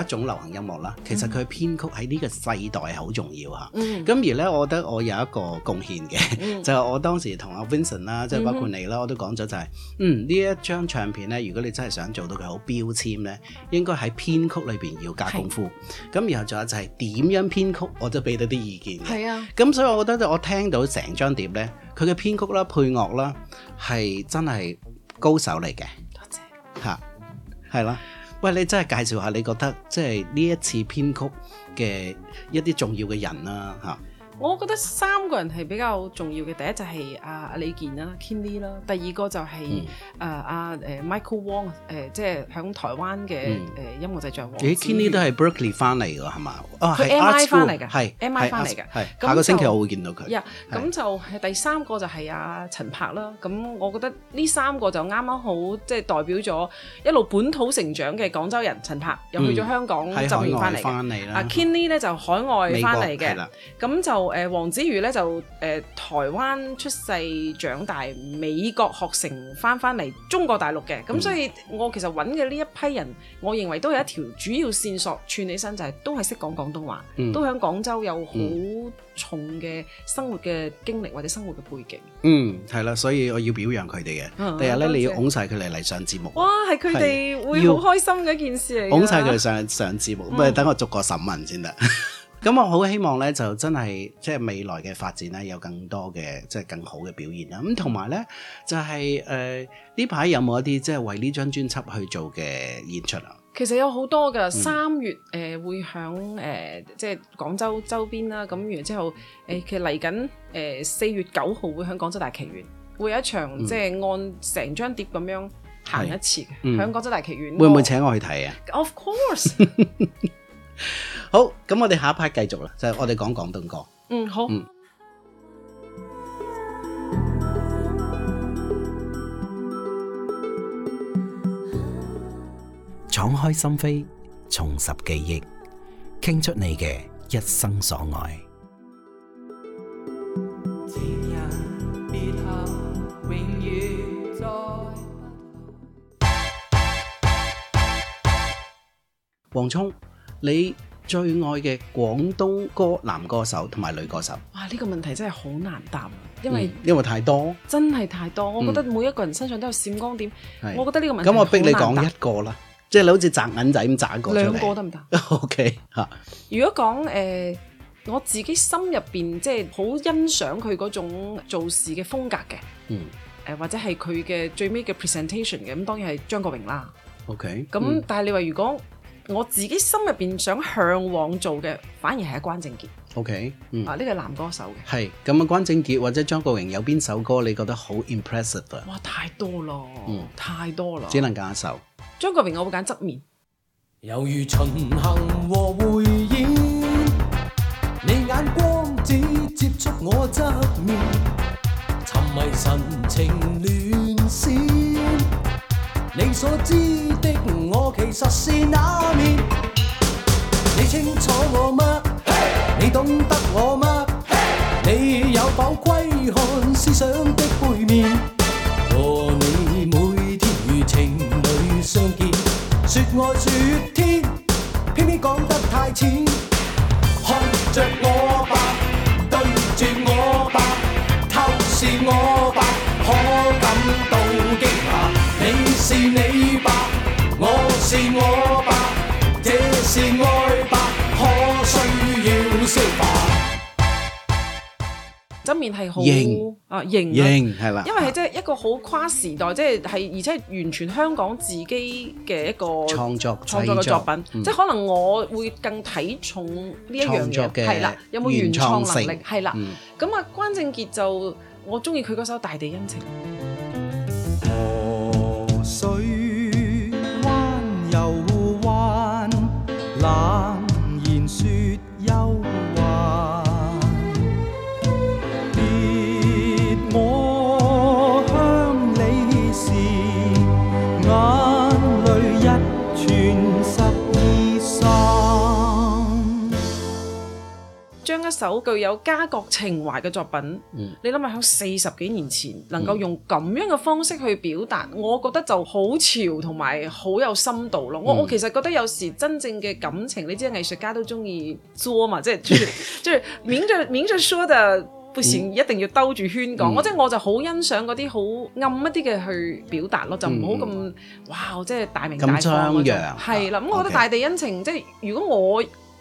一種流行音樂啦，其實佢編曲喺呢個世代係好重要吓。咁、嗯、而呢，我覺得我有一個貢獻嘅，嗯、 就係我當時同阿 Vincent 啦，即係包括你啦、嗯，我都講咗就係、是，嗯，呢一張唱片呢。如果你真係想做到佢好標籤呢，應該喺編曲裏邊要加功夫。咁然後仲有就係點樣編曲，我都俾到啲意見。係啊。咁所以我覺得我聽到成張碟呢，佢嘅編曲啦、配樂啦，係真係高手嚟嘅。多謝，謝。係啦。喂，你真係介紹下，你覺得即係呢一次編曲嘅一啲重要嘅人啦、啊？我覺得三個人係比較重要嘅，第一就係阿阿李健啦，Kenny 啦，Kinley，第二個就係誒阿誒 Michael Wong 誒、呃，即係響台灣嘅誒音樂製作。咦，Kenny 都係 Berklee 翻嚟㗎係嘛？哦、哎，佢、啊、MI 翻嚟嘅係 MI 翻嚟㗎。係下個星期我會見到佢。咁、yeah，就係第三個就係阿陳柏啦。咁我覺得呢三個就啱啱好，即、就、係、是、代表咗一路本土成長嘅廣州人陳柏，又去咗香港就業翻嚟啦。阿 Kenny 咧就海外翻嚟嘅。咁、嗯、就誒、呃、黃子瑜咧就誒、呃、台灣出世長大，美國學成翻翻嚟中國大陸嘅，咁、嗯、所以我其實揾嘅呢一批人，我認為都有一條主要線索串起身，就係、是、都係識講廣東話，嗯、都喺廣州有好重嘅生活嘅經歷或者生活嘅背景。嗯，係啦，所以我要表揚佢哋嘅。第日咧你要擁曬佢哋嚟上節目。嗯、哇，係佢哋會好開心嘅一件事嚟。擁曬佢哋上上節目，唔、嗯、等我逐個審問先得。咁我好希望咧，就真係即係未來嘅發展咧，有更多嘅即係更好嘅表現啦。咁同埋咧，就係誒，呢排有冇一啲即係為呢張專輯去做嘅演出啊？其實有好多噶，三、嗯、月誒、呃、會響誒、呃、即係廣州周邊啦。咁然之後誒，其實嚟緊誒四月九號會響廣州大劇院，會有一場即係、嗯就是，按成張碟咁樣行一次嘅，響廣、嗯、州大劇院。會唔會請我去睇啊？Of course。 好，咁我哋下一 part 繼續啦，就係我哋講廣東歌。嗯，好。嗯，敞開心扉，重拾記憶，傾出你嘅一生所愛。情人別後，永遠再。王璁，你，最愛嘅廣東歌男歌手同埋女歌手，哇！呢、這個問題真係好難答，因為、嗯、因為太多，真係太多。我覺得每一個人身上都有閃光點、嗯。我覺得呢個問題咁我逼你講一個啦，即係你好似砸銀仔咁砸一個出嚟。兩個得唔得？OK 吓。如果講誒、呃，我自己心入邊即係好欣賞佢嗰種做事嘅風格嘅，嗯，誒或者係佢嘅最尾嘅 presentation 嘅，咁當然係張國榮啦。OK，咁、嗯、但係你話如果？我自己心入邊想嚮往做嘅，反而係阿關正傑。OK，嗯，啊呢個男歌手嘅係咁啊。關正傑或者張國榮有邊首歌你覺得好 impressive 啊？哇，太多啦，嗯，太多啦，只能揀一首。張國榮我會揀側面。由於巡行和回憶，你眼光只接觸我側面，沉迷神情亂閃。你所知的我，其實是那面？你清楚我嗎？Hey! 你懂得我嗎？Hey! 你有否窺看思想的背面？和你每天似情侶相見，說愛說天，偏偏講得太淺。看着。側面係好型啊，型係啦，因為係即係一個好跨時代，即係係而且係完全香港自己嘅一個創作創作嘅作，作品，嗯、即係可能我會更睇重呢一樣嘢，係啦，有冇原創能力係啦，咁、嗯、啊、嗯嗯、關正傑就我中意佢嗰首大地恩情。首具有家國情懷嘅作品，嗯、你諗下響四十幾年前能夠用咁樣嘅方式去表達，嗯，我覺得就好潮同埋好有深度咯，嗯。我我其實覺得有時真正嘅感情，你知藝術家都中意做嘛，即係即係免着 免着 show 就，不時一定要兜住圈講，嗯。我即係我就好欣賞嗰啲好暗一啲嘅去表達咯，就唔好咁哇，即係大鳴大放嗰種。係，啊，啦，咁，啊，我覺得大地恩情即係，啊 okay、如果我。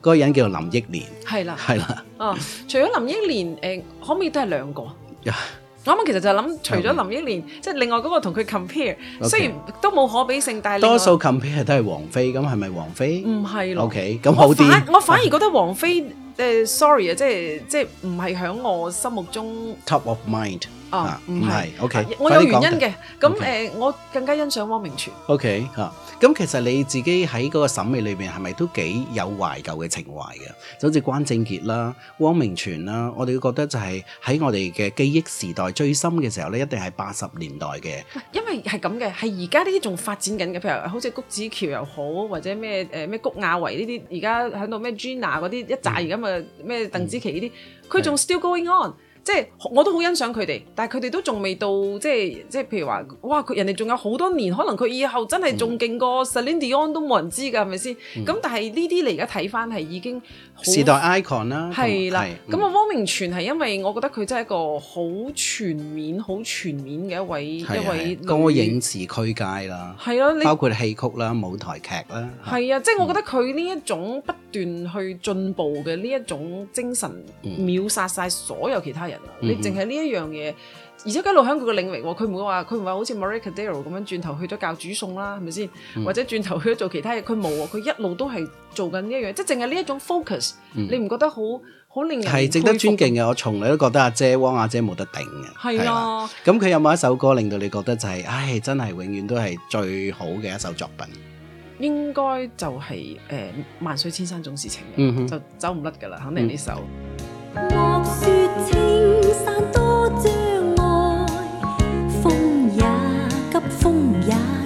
嗰、那個人叫林憶蓮，係啦，係啦。哦，除咗林憶蓮，誒、呃、可唔可以都係兩個？ 我諗其實就諗除咗林憶蓮，即 係另外嗰個同佢 compare，雖然都冇可比性，但係多數 compare 都係王菲。咁係咪王菲？唔係咯。OK，咁好啲。我反而覺得王菲，誒、 uh, sorry 啊，即係即係唔係喺我心目中 top of mind。啊，唔係、啊、，OK，我有原因嘅。咁、okay, okay. 呃、我更加欣賞汪明荃。OK，嚇、啊，咁其實你自己喺嗰個審美裏面係咪都幾有懷舊嘅情懷嘅？就好似關正傑啦、汪明荃啦，我哋覺得就係喺我哋嘅記憶時代最深嘅時候咧，一定係八十年代嘅。因為係咁嘅，係而家呢啲仲發展緊嘅，譬如好似谷子喬又好，或者咩咩、呃、谷亞維呢啲，而家喺度咩 Gina 嗰啲、嗯，一炸而家咪咩鄧紫棋呢啲，佢仲 still going on。嗯即係我都好欣賞佢哋，但係佢哋都仲未到，即係即係譬如話，哇！佢人哋仲有好多年，可能佢以後真係仲勁過 Celine Dion 都冇人知㗎，係咪先？咁、嗯、但係呢啲你而家睇翻係已經很時代 icon 啦，係啦。咁啊，是嗯、汪明荃係因為我覺得佢真係一個好全面、好全面嘅一位一位。歌影視區界啦，係啊，包括戲曲啦、舞台劇啦，係啊、嗯，即係我覺得佢呢一種。斷去進步嘅呢一種精神，秒殺晒所有其他人啦，嗯！你淨係呢一樣嘢，而且他一路喺佢嘅領域，佢唔會話佢唔會好似 Mariah Carey 咁樣轉頭去咗教煮餸啦，係咪先？或者轉頭去咗做其他嘢，佢冇，佢一路都係做緊呢一樣，即係淨係呢一種 focus，嗯。你唔覺得好好令人係值得尊敬嘅？我從來都覺得阿姐汪阿姐冇得頂嘅，係啊！咁佢有冇一首歌令到你覺得就係、是、唉，真係永遠都係最好嘅一首作品？應該就係、是、誒、呃、萬水千山總是情、嗯，就走唔甩㗎啦，肯定呢首。嗯莫說青山多障礙，風也急，風也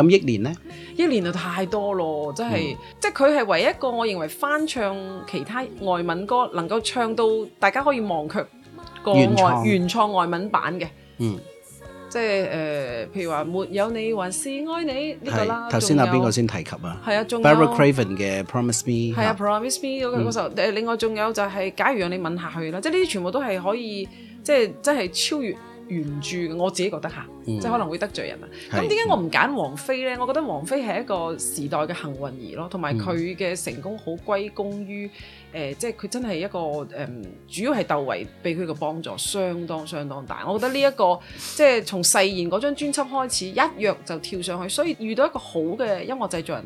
咁一年呢，一年就太多咯，真係、嗯，即係佢係唯一一個我認為翻唱其他外文歌能夠唱到大家可以忘卻國外原創外文版嘅，嗯，即係誒、呃，譬如話沒有你還是愛你呢、這個啦，頭先啊邊個先提及啊？係啊，仲有 Beverley Craven 嘅 Promise Me，係啊，啊 Promise Me 嗰時候，誒、嗯，另外仲有就係假如讓你吻下去啦，即係呢啲全部都係可以，即係真係超越。原著我自己覺得嚇，即、嗯、係、就是、可能會得罪人啊！咁點解我唔揀王菲呢？我覺得王菲係一個時代嘅幸運兒咯，同埋佢嘅成功好歸功於誒，即係佢真係一個誒、呃，主要係竇唯俾佢嘅幫助相當相當大。我覺得呢、這、一個即係從誓言嗰張專輯開始，一躍就跳上去，所以遇到一個好嘅音樂製作人。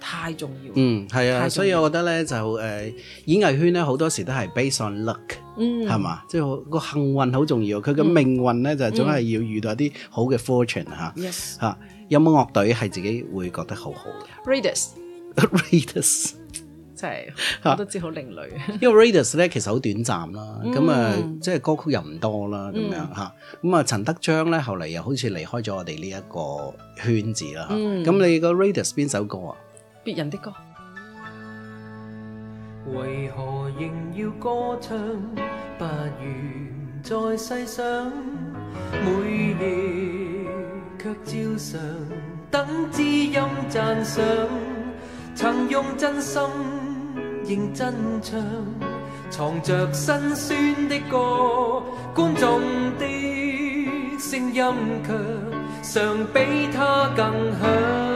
太重要了。嗯，係啊，所以我覺得咧就，誒、呃，演藝圈咧好多時都係 based on luck，嗯，係嘛，即、就、係、是個幸運好重要。佢嘅命運咧、嗯、就總係要遇到一啲好嘅 fortune 吓、嗯，吓、啊嗯啊。有冇樂隊係自己會覺得很好好嘅？Raidas，Raidas 真係，我都知好另類。因為 Raidas 咧其實好短暫啦，咁、嗯、啊，即係歌曲又唔多啦，咁、嗯、樣吓。咁啊，陳德章咧後嚟又好似離開咗我哋呢一個圈子啦。咁、嗯、你個 Raidas 邊首歌啊？別人的歌，為何仍要歌唱？八月不如再細想，每夜卻照常等知音讚賞。曾用真心認真唱，藏着辛酸的歌，觀眾的聲音卻常比他更響。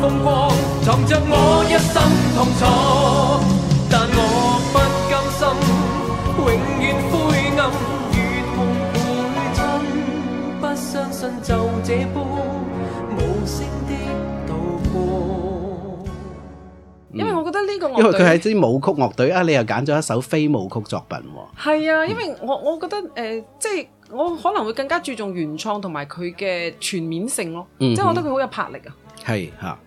風光藏着我一生痛楚，但我不甘心永遠灰暗與痛背真。不相信就這般無聲的渡過。因為我覺得呢個樂，因為佢係一支舞曲樂隊啊，你又揀咗一首非舞曲作品喎。係、嗯、啊，因為我我覺得誒、呃，即係我可能會更加注重原創同埋佢嘅全面性咯、嗯。即係我覺得佢好有魄力啊。係吓。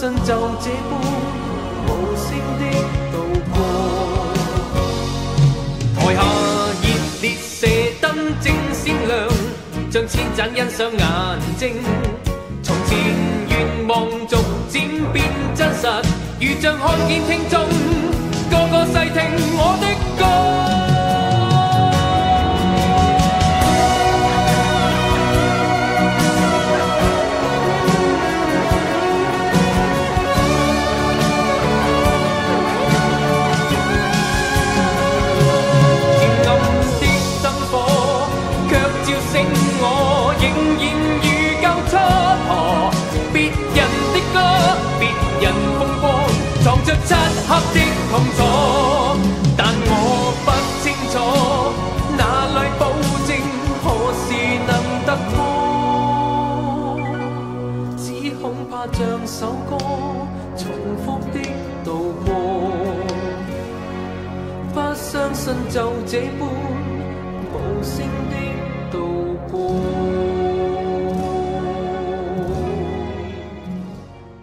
信就這般無聲的度過。台下熱烈射燈正閃亮，像千盞欣賞眼睛。從前願望逐漸變真實，如像看見聽眾個個細聽我的歌。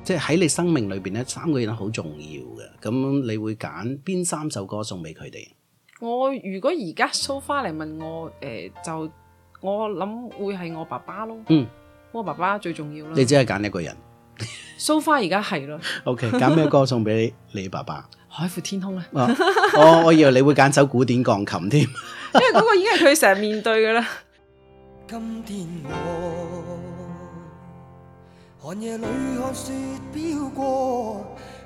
即係喺你生命裏邊呢，三個人好重要。咁你會揀邊三首歌送俾佢哋？我如果而家蘇花嚟問我，誒、呃，就我諗會係我爸爸咯。嗯，我爸爸最重要啦。你只係揀一個人，蘇花而家係咯。OK，揀咩歌送俾你， 你爸爸？海闊天空啊！ oh, 我我以為你會揀首古典鋼琴添 ，因為嗰個已經係佢成日面對噶啦。今天我寒夜裏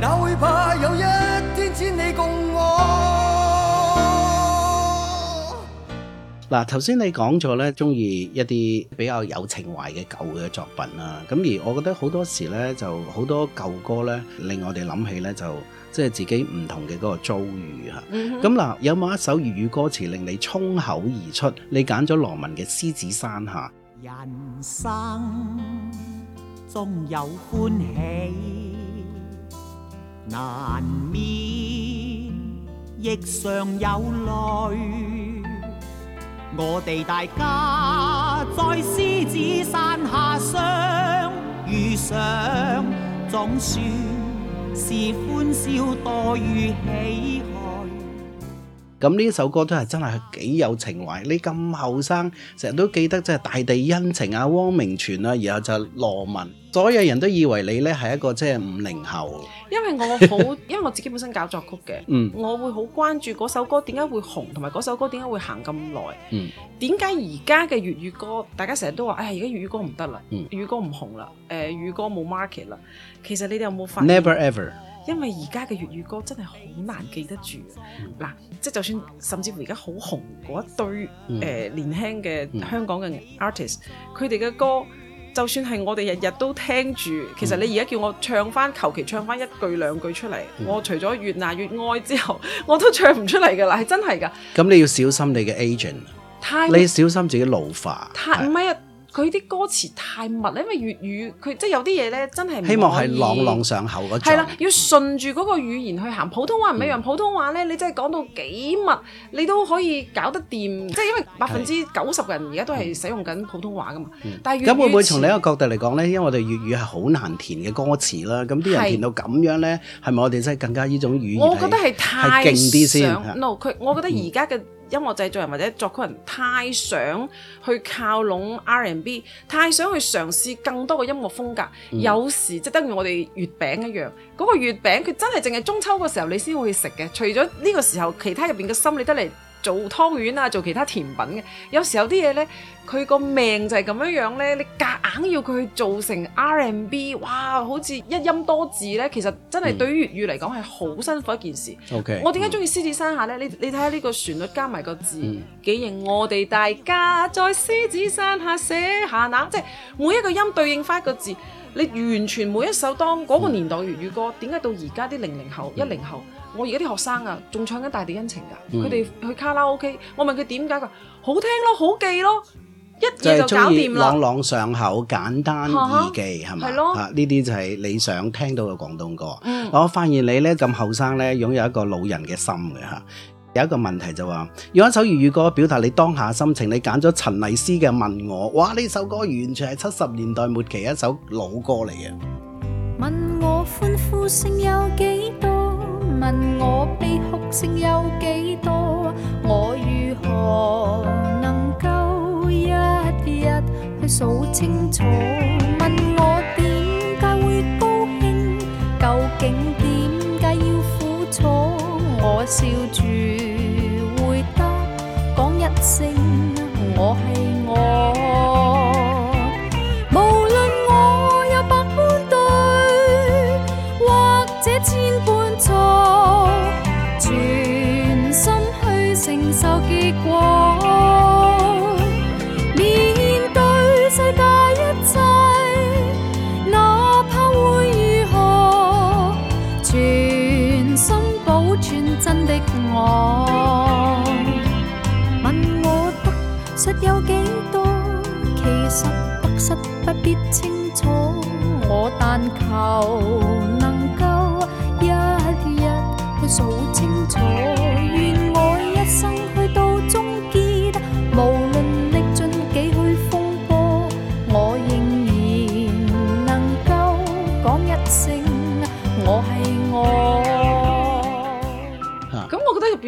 那會怕有一天只你共我。嗱，頭先你講咗呢，中意一啲比較有情懷嘅舊嘅作品啦。咁而我覺得好多時呢，就好多舊歌呢，令我哋諗起呢，就即係自己唔同嘅嗰個遭遇嚇。咁，mm-hmm，嗱，有冇一首粵語歌詞令你衝口而出？你揀咗羅文嘅《獅子山下》吓。人生中有歡喜。難免亦常有淚。我哋大家在獅子山下相遇上，總算是歡笑多於喜噓。咁呢首歌都係真係幾有情懷，你咁後生，成日都記得即係大地恩情啊、汪明荃啊，然後就羅文，所有人都以為你呢係一個即係五零後。因為我好，因為我自己本身搞作曲嘅， 我會好關注嗰首歌點解會紅，同埋嗰首歌點解會行咁耐，嗯， 點解而家嘅粵語歌大家成日都話，唉、哎，而家粵語歌唔得啦，粵 語歌唔紅啦，誒、呃，粵語歌冇 market 啦，其實你哋有冇發現？Never ever。因為而家嘅粵語歌真係好難記得住，嗱、嗯，即係就算甚至乎而家好紅嗰一堆誒、嗯呃、年輕嘅香港嘅 artist，佢哋嘅歌就算係我哋日日都聽住，其實你而家叫我唱翻，求其唱翻一句兩句出嚟、嗯，我除咗越難越愛之後，我都唱唔出嚟㗎啦，係真係噶。咁你要小心你嘅 aging 你小心自己老化。太唔係啊！佢啲歌詞太密，因為粵語佢即係有啲嘢咧，真係希望係朗朗上口嗰種。係啦，要順住嗰個語言去行。普通話唔一樣、嗯，普通話咧，你真係講到幾密，你都可以搞得掂、嗯。即係因為百分之九十人而家都係使用緊普通話噶嘛、嗯。但係粵語咁、嗯、會唔會從另一個角度嚟講咧？因為我哋粵語係好難填嘅歌詞啦。咁啲人填到咁樣咧，係咪我哋真係更加呢種語言係係勁啲先？No，佢我覺得而家嘅。音樂製作人或者作曲人太想去靠攏 R&B，太想去嘗試更多嘅音樂風格，嗯、有時即等於我哋月餅一樣，嗰、嗰個月餅佢真係淨係中秋嗰時候你先會去食嘅，除咗呢個時候，其他入面嘅心你得嚟。做湯圓啊，做其他甜品嘅，有時候啲嘢呢，佢個命就係咁樣樣呢。你夾硬要佢去做成 R&B，哇，好似一音多字呢。其實真係對於粵語嚟講係好辛苦一件事。O、嗯、K，我點解中意獅子山下呢？你你睇下呢個旋律加埋個字幾型、嗯、我哋大家在獅子山下寫下嗱，即係每一個音對應翻一個字。你完全每一首當嗰個年代粵語歌，點、嗯、解到而家啲零零後、一、嗯、零後，我而家啲學生啊，仲唱緊《大地恩情的》噶、嗯？佢哋去卡拉 OK，我問佢點解，㗎好聽咯，好記咯，一嘢就搞掂咯。就係、朗朗上口、簡單易記，係咪？係咯，呢、啊、啲就係你想聽到嘅廣東歌、嗯。我發現你咧咁後生咧，擁有一個老人嘅心嘅嚇。有一個問題就話，用一首粵語歌表達你當下心情，你揀咗陳麗斯嘅《問我》，哇，呢首歌完全係七十年代末期一首老歌嚟嘅。問我歡呼聲有幾多？問我悲哭聲有幾多？我如何能夠一日去數清楚？問我點解會高興？究竟？笑住回答，講一聲，我係我。但求能夠一日去數清楚。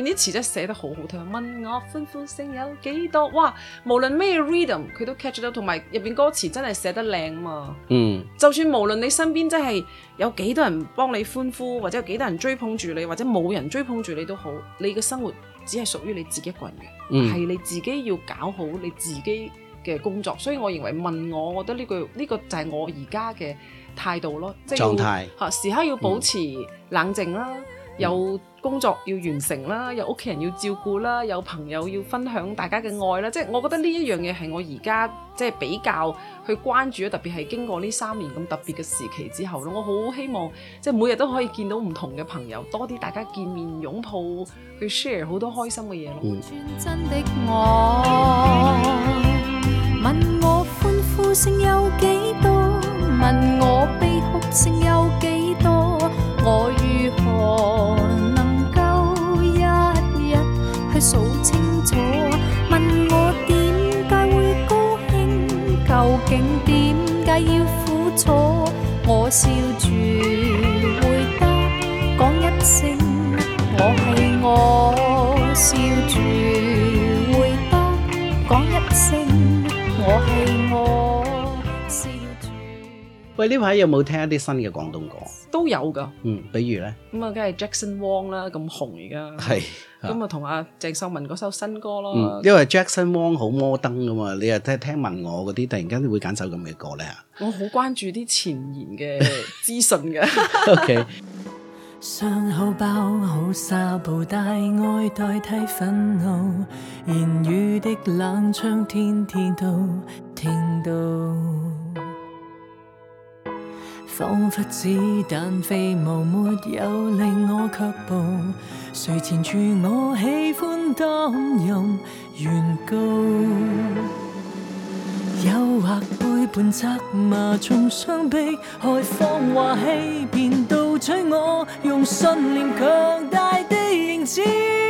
啲詞真係寫得好好聽，問我歡呼聲有幾多？哇！無論咩 rhythm，佢都 catch 到，同埋入邊歌詞真係寫得靚嘛。嗯，就算無論你身邊真係有幾多人幫你歡呼，或者有幾多人追捧住你，或者冇人追捧住你都好，你嘅生活只係屬於你自己一個人嘅，係、嗯、你自己要搞好你自己嘅工作。所以我認為問我，我覺得呢句呢、呢個就係我而家嘅態度咯，即係要狀態、啊、時刻要保持冷靜啦。嗯有工作要完成啦，有屋企人要照顧啦，有朋友要分享大家嘅愛啦，即係我覺得呢一樣嘢係我而家即係比較去關注咯，特別係經過呢三年咁特別嘅時期之後咯，我好希望即係每日都可以見到唔同嘅朋友，多啲大家見面擁抱去 share 好多開心嘅嘢咯。真、嗯、的。我我我問問歡呼聲聲有有幾幾多，多。 悲哭竟點解要苦楚？我笑住回答，講一聲，我係我。笑住回答，講一聲，我係我。喂，呢排有冇聽一啲新嘅廣東歌？都有噶，嗯，比如咧，咁啊，梗係 Jackson Wang 啦，咁紅而家，係，咁啊，同阿鄭秀文嗰首新歌咯，因為 Jackson Wang 好摩登噶嘛，你又聽聽問我嗰啲，突然間會揀首咁嘅歌咧，我好關注啲前沿嘅資訊嘅，OK。傷口包好紗布，大愛代替憤怒，言語的冷槍，天天都聽到。仿佛子彈飛舞，沒有令我卻步。誰纏住我喜歡當任原告？誘惑背叛責罵，重傷悲害，謊話欺騙盜取我用信念強大的意志。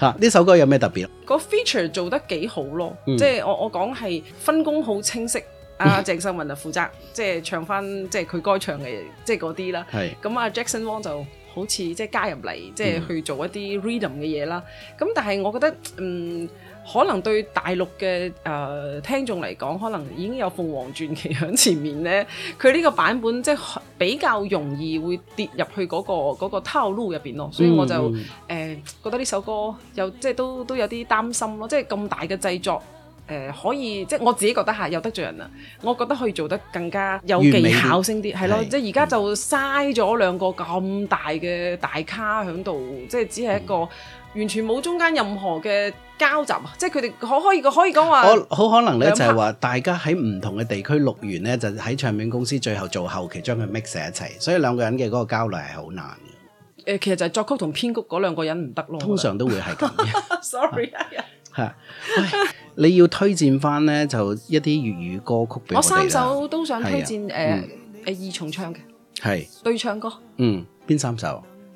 嚇！呢首歌有咩特別？個 feature 做得幾好咯，即係我我講係分工好清晰。阿鄭秀文就負責，即係唱翻即係佢該唱嘅即係嗰啲啦。係咁啊，Jackson Wang 就好似即係加入嚟，即係去做一啲 rhythm 嘅嘢啦。咁但係我覺得嗯。可能對大陸嘅誒、呃、聽眾嚟講，可能已經有鳳凰傳奇喺前面呢，佢呢個版本即係比較容易會跌入去嗰、嗰個嗰、嗰個套路入邊咯。所以我就誒、嗯呃、覺得呢首歌有即係都都有啲擔心咯。即係咁大嘅製作誒、呃，可以即係我自己覺得嚇有得罪人啊！我覺得可以做得更加有技巧性啲，係咯。即係而家就嘥咗兩個咁大嘅大咖喺度，即係只係一個。嗯完全冇中間任何嘅交集啊！即係佢哋可可以個可以講話，我好可能咧就係話大家喺唔同嘅地區錄完咧，就喺唱片公司最後做後期將佢 mix 成一齊，所以兩個人嘅嗰個交流係好難嘅。誒、呃,其實就係作曲同編曲嗰兩個人唔得咯。通常都會係咁嘅。 Sorry 啊，吓，你要推薦翻咧就一啲粵語歌曲俾我哋啦。我三首都想推薦誒誒二重唱嘅，係對唱歌。嗯，邊三首？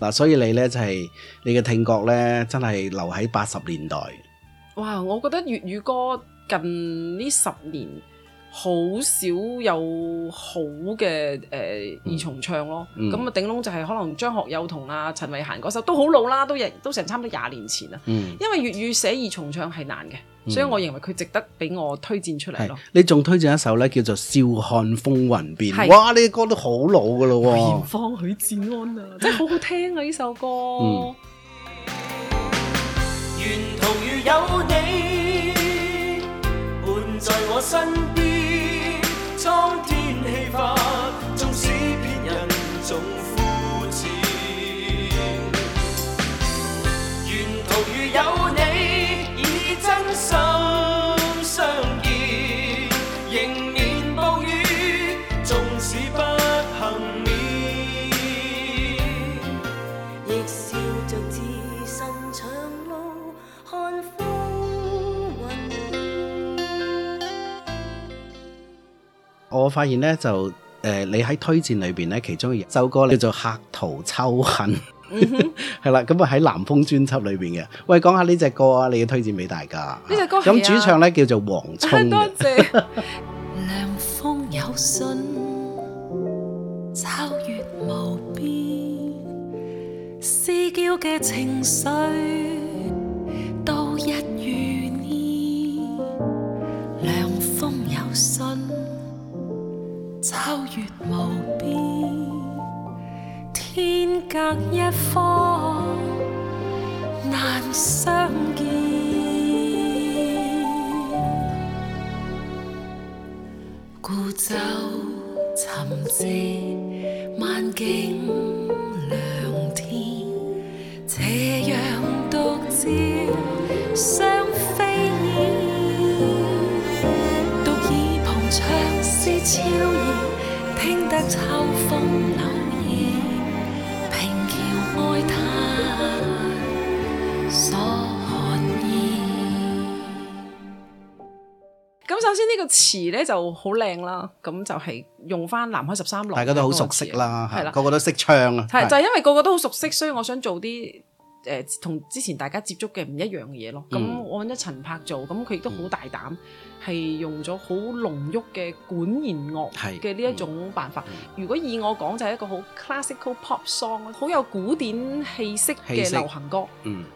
嗱、啊，所以你咧就係、是、你嘅聽覺咧，真係留喺八十年代。哇，我覺得粵語歌近呢十年。好少有好嘅誒、呃、二重唱咯，咁、嗯、啊頂籠就係可能張學友同啊陳慧嫻嗰首都好老啦，都亦都成差唔多廿年前啊、嗯，因為粵語寫二重唱係難嘅、嗯，所以我認為佢值得俾我推薦出嚟咯。你仲推薦一首咧叫做《笑看風雲變》？哇！呢啲歌都好老噶咯，梅艷芳、許志安啊，真係好好聽啊！呢首歌、嗯。沿途如有你伴在我身邊。方。我發現咧就誒、呃，你喺推薦裏邊咧，其中一首歌叫做《客途秋恨》，嗯，係 啦，咁啊喺南風專輯裏邊嘅。喂，講下呢隻歌啊，你要推薦俾大家。呢隻歌咁主唱咧叫做黃沖嘅。多謝。涼 風有信，秋月無邊，思嬌嘅情緒。各一方，難相見。孤舟岑寂，晚景涼天，斜陽獨照雙飛燕。獨倚蓬窗思悄然，聽得秋。首先呢個詞呢個詞呢就好靚啦，咁就係用翻《南海十三郎》，大家都好熟悉啦，係啦，個個都識唱。係就係、是，因為個個都好熟悉，所以我想做啲誒同之前大家接觸嘅唔一樣嘅嘢咯。咁、嗯、我揾咗陳柏做，咁佢亦都好大膽。嗯係用咗好濃郁嘅管弦樂嘅呢一種辦法、嗯嗯。如果以我講就係一個好 classical pop song，好有古典氣息嘅流行歌。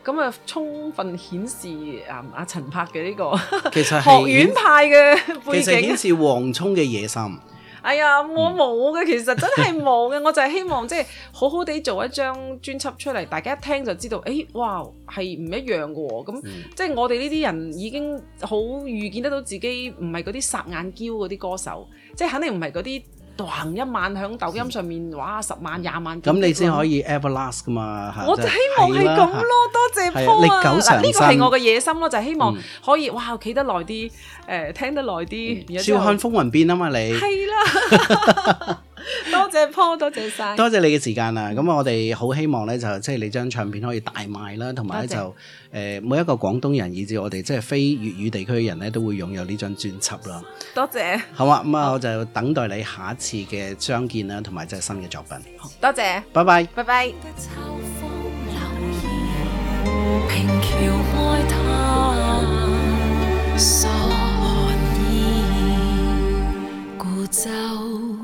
咁啊，嗯、充分顯示啊阿陳柏嘅呢個其實學院派嘅背景，其實其實顯示王璁嘅野心。哎呀，我冇嘅，其實真係冇嘅， 我就係希望即係、就是、好好地做一張專輯出嚟，大家一聽就知道，哎、欸，哇，係唔一樣嘅喎、哦，咁即係我哋呢啲人已經好預見得到自己唔係嗰啲霎眼嬌嗰啲歌手，即係肯定唔係嗰啲。獨行一晚喺抖音上面，哇！十萬、廿萬咁 你先可以 everlast 噶嘛？我就希望係咁咯，啊、多謝 Paul 啊！嗱、啊，呢、啊這個係我嘅野心咯，就係、希望可以、嗯、哇，企得耐啲，誒、呃、聽得耐啲。笑看風雲變啊嘛，你係啦。多謝 Paul，多謝晒，多謝你嘅時間啦。咁、嗯、我哋好希望咧，就即係你張唱片可以大賣啦，同埋咧就誒、呃，每一個廣東人以至我哋即係非粵語地區嘅人咧，都會擁有呢張專輯啦。多謝，好啊。咁、嗯、啊，我就等待你下一次嘅相見啦，同埋即係新嘅作品。多謝，拜拜，拜拜。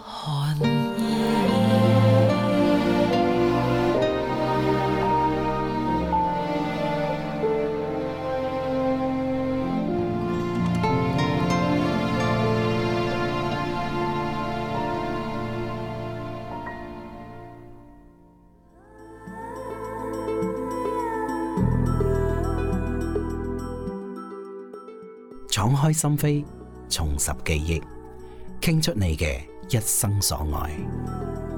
敞開心扉，重拾記憶，傾出你嘅一生所愛。